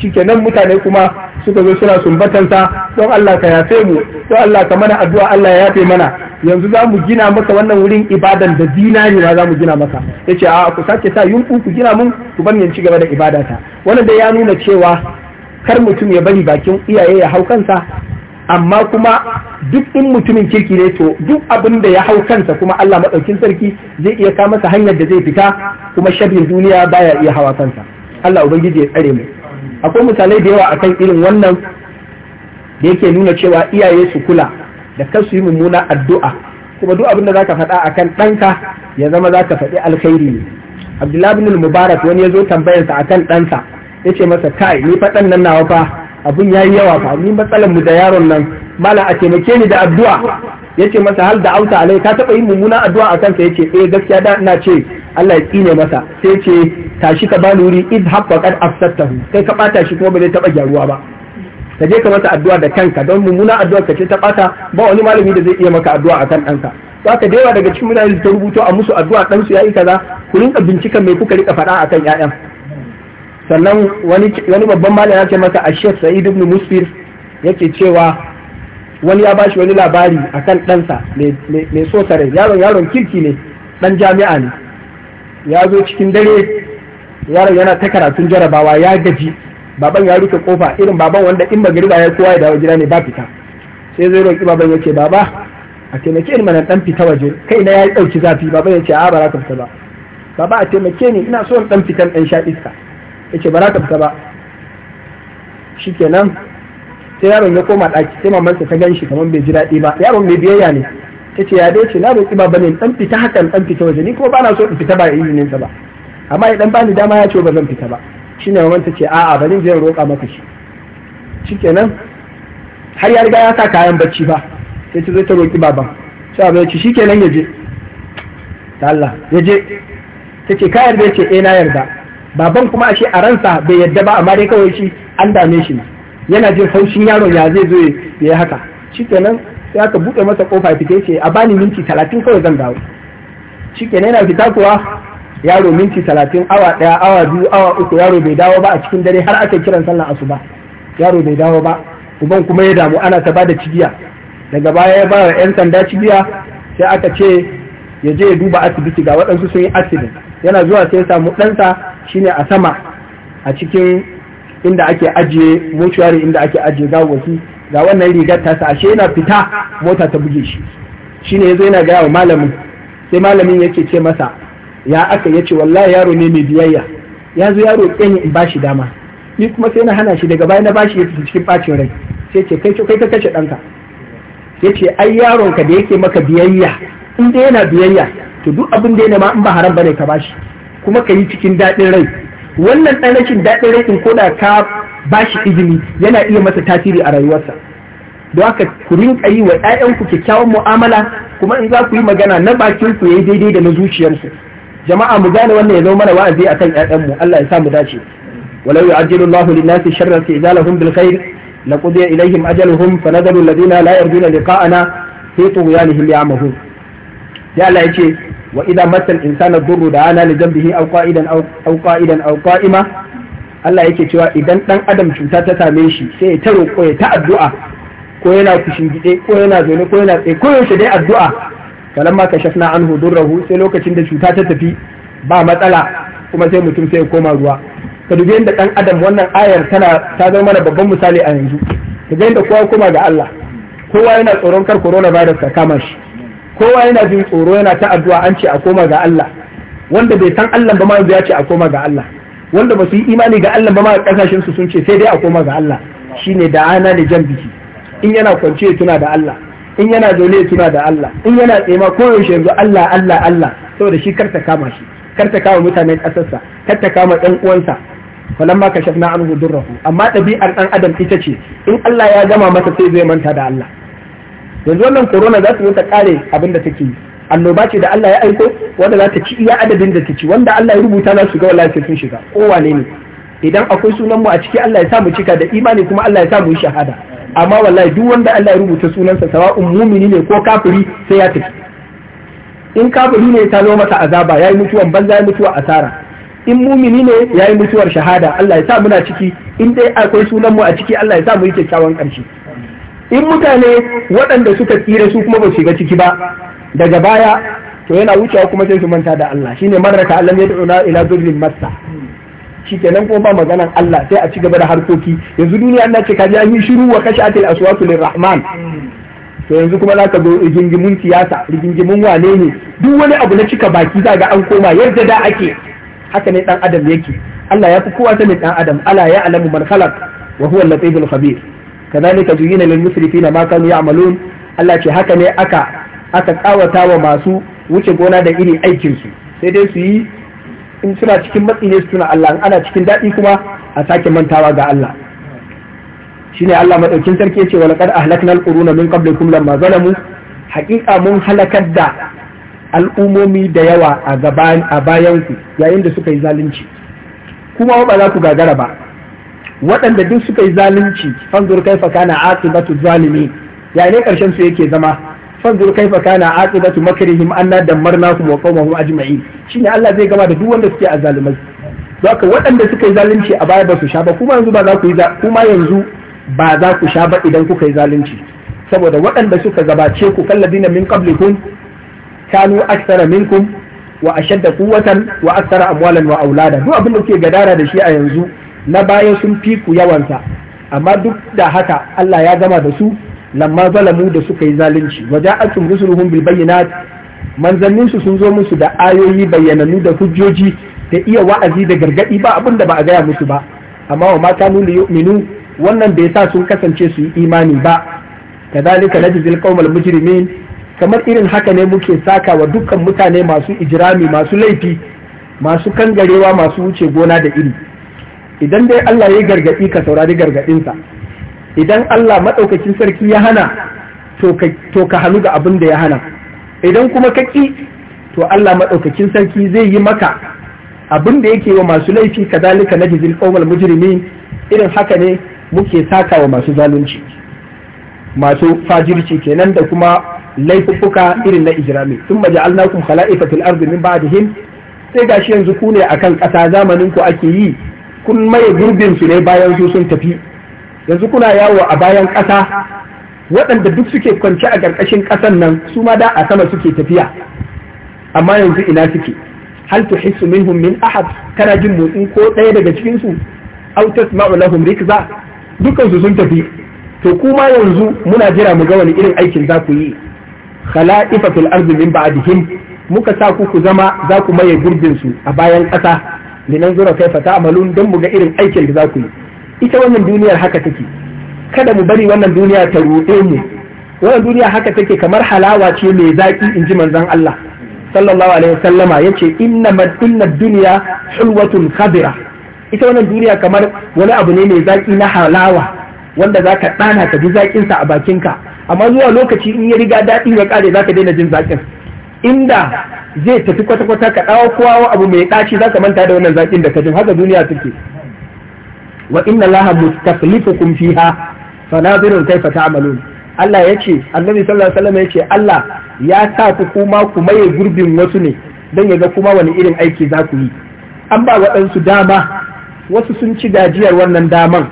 shikenan mutane kuma suka zo suna sumbatansa don Allah ka yafe mu don Allah ka mana addu'a Allah ya yafe mana yanzu za mu gina maka wannan wurin ibadan da zinari ma za mu gina maka Ya ce a ku sake sa yunku ku gina mun ku bar ci gaba da ibada ta. wannan da ya nuna cewa kar mutum ya bari bakin iyaye ya hau kansa amma kuma duk in mutumin kirki ne to duk abin da ya hau kansa kuma Allah maɗaukin sarki zai iya ka masa hanyar da zai fita kuma shabin duniya baya iya hawa kansa Allah ubangiji ya tsare mu akwai misalai da yawa akan irin wannan da yake nuna cewa iyaye su kula da kan su yi mummuna addu'a kuma duk abin da zaka faɗa akan ɗanka ya zama zaka faɗi alkhairi ne abdullahi bin mubarak wani ya zo tambayarsa akan ɗansa ya ce masa kai ni fa ɗan nan nawa fa abin ya yi yawa fa ni matsalar mu da yaron nan mala a taimake ni da addu'a Ya ce masa hal da auta alai ka taɓa yin mummuna addu'a akan ya ce? eh gaskiya da ina ce Allah ya tsine masa sai ce tashi ka bani wuri id haqqa qad afsattahu kai ka bata shi kuma ba zai taba gyaruwa ba ka je ka masa addu'a da kanka don mummuna addu'a ka ce ta bata ba wani malami da zai iya maka addu'a akan ɗanka zaka da yawa daga cikin mutane ta rubuto a musu addu'a dan su yayi kaza ku rinka bincika me kuka rika faɗa akan ƴaƴan sannan wani babban malami ya ce masa a Sheikh Sa'id ibn Musfir yake cewa wani ya bashi wani labari akan ɗansa mai so sarai yaron yaron kirki ne dan jami'a ne ya zo cikin dare yaron yana ta karatun jarabawa ya gaji baban ya rufe kofa irin baban wanda in magariba ya kowa ya dawo gida ne ba fita sai zai roƙi baban ya ce baba a taimake ni mana dan fita waje kai na ya ɗauki zafi baban ya ce a ba za ka fita ba baba a taimake ni ina so dan fitan dan sha iska ya ce ba za ka fita ba shikenan sai yaron ya koma ɗaki sai mamansa ta gan shi kamar bai ji daɗi ba yaron mai biyayya ne ce ya dace na roki ba bane dan fita haka dan fita waje ni kuma bana so in fita ba izinin sa ba amma idan bani dama ya ce ba zan fita ba shine maman ta ce a'a bari zan roka maka shi shikenan har ya riga ya sa kayan bacci ba sai ta zo ta roki baban sai abin ya ce shikenan ya je ta Allah ya je ta ce ka yarda ce eh na yarda baban kuma ashe a ransa bai yarda ba amma dai kawai shi an dame shi yana jin haushin yaron ya zai zo ya haka shikenan sai aka buɗe masa kofa fita ce a bani minti talatin kawai zan dawo shi ke yana fita kuwa yaro minti talatin awa ɗaya awa biyu awa uku yaro bai dawo ba a cikin dare har aka kiran asu ba yaro bai dawo ba uban kuma ya damu ana ta bada cibiya daga baya ya bawa yan sanda cibiya sai aka ce ya je ya duba asibiti ga waɗansu sun yi accident yana zuwa sai ya samu ɗansa shine a sama a cikin inda ake ajiye mortuary inda ake ajiye gawawaki ga wannan rigar tasa ashe yana fita mota ta buge shi shine yazo yana gaya wa malamin sai malamin yake ce masa ya aka yace wallahi yaro ne mai biyayya ya zo yaro ɗan in bashi dama ni kuma sai na hana shi daga baya na bashi ya cikin bacin rai sai ce kai kai ka kashe ɗanka ya ce ai yaron ka da yake maka biyayya in dai yana biyayya to duk abin da yana ma in ba haram bane ka shi. kuma ka yi cikin daɗin rai wannan ɗan rashin daɗin rai in koda ka ba shi izini yana iya masa tasiri a rayuwarsa don haka ku rinka yi wa 'ya'yanku kyakkyawan mu'amala kuma in za ku yi magana na bakin ku yayi daidai da na zuciyarsu jama'a mu gane wannan ya zama mana wa'azi akan 'ya'yanmu Allah ya sa mu dace walau yu'ajjilu Allahu lin-nasi sharra i'zalahum bil khair laqudiya ilayhim ajaluhum fanadaru alladhina la yarjuna liqa'ana fi tughyanihim ya'mahun ya Allah yace wa idza masal insana dhurru da'ana li janbihi aw qa'idan aw qa'idan aw qa'ima Allah yake cewa idan ɗan adam cuta ta same shi sai ya taro ko ya ta addu'a ko yana kushingide ko yana zaune ko yana tsaye ko yaushe dai addu'a falamma an anhu rahu, sai lokacin da cuta ta tafi ba matsala kuma sai mutum sai ya koma ruwa ka dubi yadda ɗan adam wannan ayar tana ta zama mana babban misali a yanzu ka ga yadda kowa koma ga Allah kowa yana tsoron kar coronavirus ta kama shi kowa yana jin tsoro yana ta addu'a an ce a koma ga Allah wanda bai san Allah ba ma ya ce a koma ga Allah wanda ba su yi imani ga Allah ba ma kasashen su sun ce sai dai a koma ga Allah ne da ana da jan biki in yana kwance tuna da Allah in yana dole tuna da Allah in yana tsema koyaushe yanzu Allah Allah Allah saboda shi karta kama shi karta kama mutanen ƙasarsa karta kama ɗan uwansa falamma kashafna anhu durrahu amma ɗabi'ar ɗan adam ita ce in Allah ya gama masa sai zai manta da Allah yanzu wannan corona za su yi ta kare abin da take yi annoba ce da Allah ya aiko wanda za ta ci iya adadin da ta ci wanda Allah ya rubuta za su ga wallahi sun shiga kowane ne idan akwai sunan mu a ciki Allah ya sa mu cika da imani kuma Allah ya sa mu yi shahada amma wallahi duk wanda Allah ya rubuta sunansa sawa'un mumini ne ko kafiri sai ya tafi in kafiri ne ta zo masa azaba yayi mutuwan banza yayi mutuwa asara in mumini ne yayi mutuwar shahada Allah ya sa muna ciki in dai akwai sunan mu a ciki Allah ya sa mu yi kyakkyawan karshe in mutane waɗanda suka tsira su kuma ba su shiga ciki ba daga baya to yana wucewa kuma sai su manta da Allah shine man raka Allah ya da'una ila zurrin massa kenan kuma ba maganan Allah sai a ci gaba da harkoki yanzu duniya na ce ka ji an yi shiru wa kashatil aswatu lirrahman to yanzu kuma za ka zo rigingimun siyasa rigingimun wane ne duk wani abu na cika baki za ga an koma yadda da ake haka ne dan adam yake Allah ya fi kowa sanin dan adam Allah ya alamu man khalaq wa huwa al-latiful khabir kadhalika zuyina lil musrifina ma kanu ya'malun Allah ce haka ne aka aka kawata wa masu wuce gona da irin aikinsu sai dai su yi in suna cikin matsi ne su tuna Allah in ana cikin daɗi kuma a sake mantawa ga Allah shine Allah madaukin sarki yace wa laqad ahlakna al-quruna min qablikum lamma zalamu haqiqa mun halakar da al'umomi da yawa a gaban a bayan ku yayin da suka yi zalunci kuma ba za ku gagara ba waɗanda duk suka yi zalunci fanzur kaifa kana aqibatu zalimi yayin karshen su yake zama fanzur fa kana aqibatu makrihim anna dammarnahum wa qawmahum ajma'in shine Allah zai gama da duk wanda suke azalumai haka waɗanda suka yi zalunci a baya ba su sha ba kuma yanzu ba za ku yi za kuma yanzu ba za ku sha ba idan kuka yi zalunci saboda waɗanda suka gabace ku kalladina min qablikum kanu aktsara minkum wa ashadda quwwatan wa aktsara amwalan wa aulada duk abin da kuke gadara da shi a yanzu na baya sun fi ku yawansa amma duk da haka Allah ya gama da su lamma zalamu da suka yi zalunci waja'atum rusuluhum bil bayyinat manzannin su sun zo musu da ayoyi bayyananu da hujjoji da iya wa'azi da gargadi ba abin da ba a gaya musu ba amma wa mata nuna yu'minu wannan bai sa sun kasance su yi imani ba kadhalika najzil qaumal mujrimin kamar irin haka ne muke saka wa dukkan mutane masu ijrami masu laifi masu kangarewa masu wuce gona da iri idan dai Allah ya yi gargadi ka saurari gargadinsa idan Allah maɗaukakin sarki ya hana to ka hannu ga abin da ya hana idan kuma ka ƙi to Allah maɗaukakin sarki zai yi maka abin da yake wa masu laifi kadalika na jizil ƙomar mujirmi irin haka ne muke saka wa masu zalunci masu fajirci kenan da kuma laifuffuka irin na ijrami sun maja'alnakum khala'ifatul ba min ba'dihim sai gashi yanzu ku ne akan ƙasa zamanin ku ake yi kun maye gurbin su ne bayan su sun tafi yanzu kuna yawo a bayan ƙasa waɗanda duk suke kwance a ƙarƙashin ƙasan nan su ma da a sama suke tafiya amma yanzu ina suke hal tuhissu minhum min ahad kana jin motsin ko ɗaya daga cikin su aw tasma'u lahum rikza dukkan su sun tafi to kuma yanzu muna jira mu ga wani irin aikin za ku yi khala'ifa fil ardi min ba'dihim muka sa ku ku zama za ku maye gurbin su a bayan ƙasa linan zura kaifa ta'malun don mu ga irin aikin da za ku yi ita wannan duniyar haka take kada mu bari wannan duniya ta ruɗe mu wannan duniya haka take kamar halawa ce mai zaki in ji manzon Allah sallallahu alaihi wasallama yace inna madinna dunya hulwatun khadira ita wannan duniya kamar wani abu ne mai zaki na halawa wanda zaka dana ka ji zakin sa a bakinka amma zuwa lokaci in ya riga daɗi ya kare zaka daina jin zakin inda zai tafi kwata-kwata ka dawo kowa abu mai ɗaci zaka manta da wannan zakin da ka jin haka duniya take wa inna laha mustaqlifukum fiha fanazirun kaifa ta'malun Allah yace Annabi sallallahu alaihi wasallam yace Allah ya sa ku kuma ku maye gurbin wasu ne dan ga kuma wani irin aiki za ku yi an ba waɗansu dama wasu sun ci gajiyar wannan daman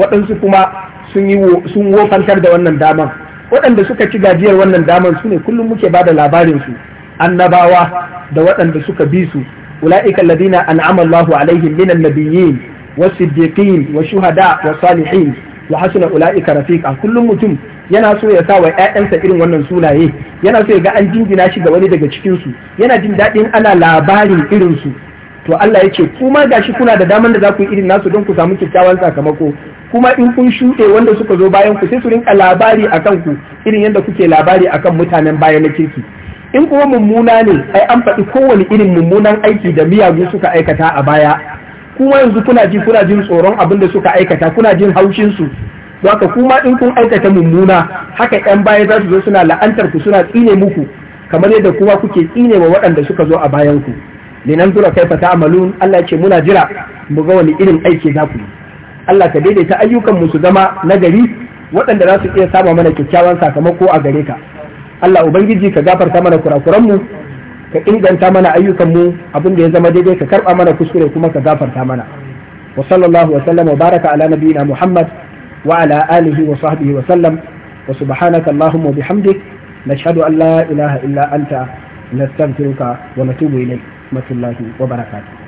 waɗansu kuma sun yi sun wofantar da wannan daman waɗanda suka ci gajiyar wannan daman su ne kullum muke bada labarin su annabawa da waɗanda suka bi su ula'ika alladhina an'ama Allahu alaihim minan nabiyyin والصديقين والشهداء والصالحين وحسن اولئك ulaika كل kullum mutum yana so ya sa wa ƴaƴansa irin wannan sunaye yana so ya ga an jingina shi ga wani daga cikin su yana jin daɗin ana labarin irin su to Allah ya ce kuma gashi kuna da daman da za ku yi irin nasu don ku samu kyakkyawan sakamako kuma in kun shuɗe wanda suka zo bayan ku sai su rinka labari akan ku irin yadda kuke labari akan mutanen baya na kirki in kuma mummuna ne ai an faɗi kowane irin mummunan aiki da miyagu suka aikata a baya kuma yanzu kuna ji kuna jin tsoron abin da suka aikata kuna jin haushin su haka kuma in kun aikata mummuna haka yan baya za su zo suna la'antar ku suna tsine muku kamar yadda kuma kuke tsine wa waɗanda suka zo a bayan ku linan zura kai fata amalun Allah ya ce muna jira mu ga wani irin aiki za ku Allah ka daidaita ayyukan mu su zama nagari waɗanda za su iya sama mana kyakkyawan sakamako a gare ka Allah ubangiji ka gafarta mana kurakuran mu ka inganta mana ayyukan mu abin da ya zama daidai ka karba mana kuskure kuma ka gafarta mana wa sallallahu wa sallam wa baraka ala nabiyyina muhammad wa ala alihi wa sahbihi wa sallam wa subhanaka allahumma wa bihamdik nashhadu an la ilaha illa anta nastaghfiruka wa natubu ilayk wa barakatuh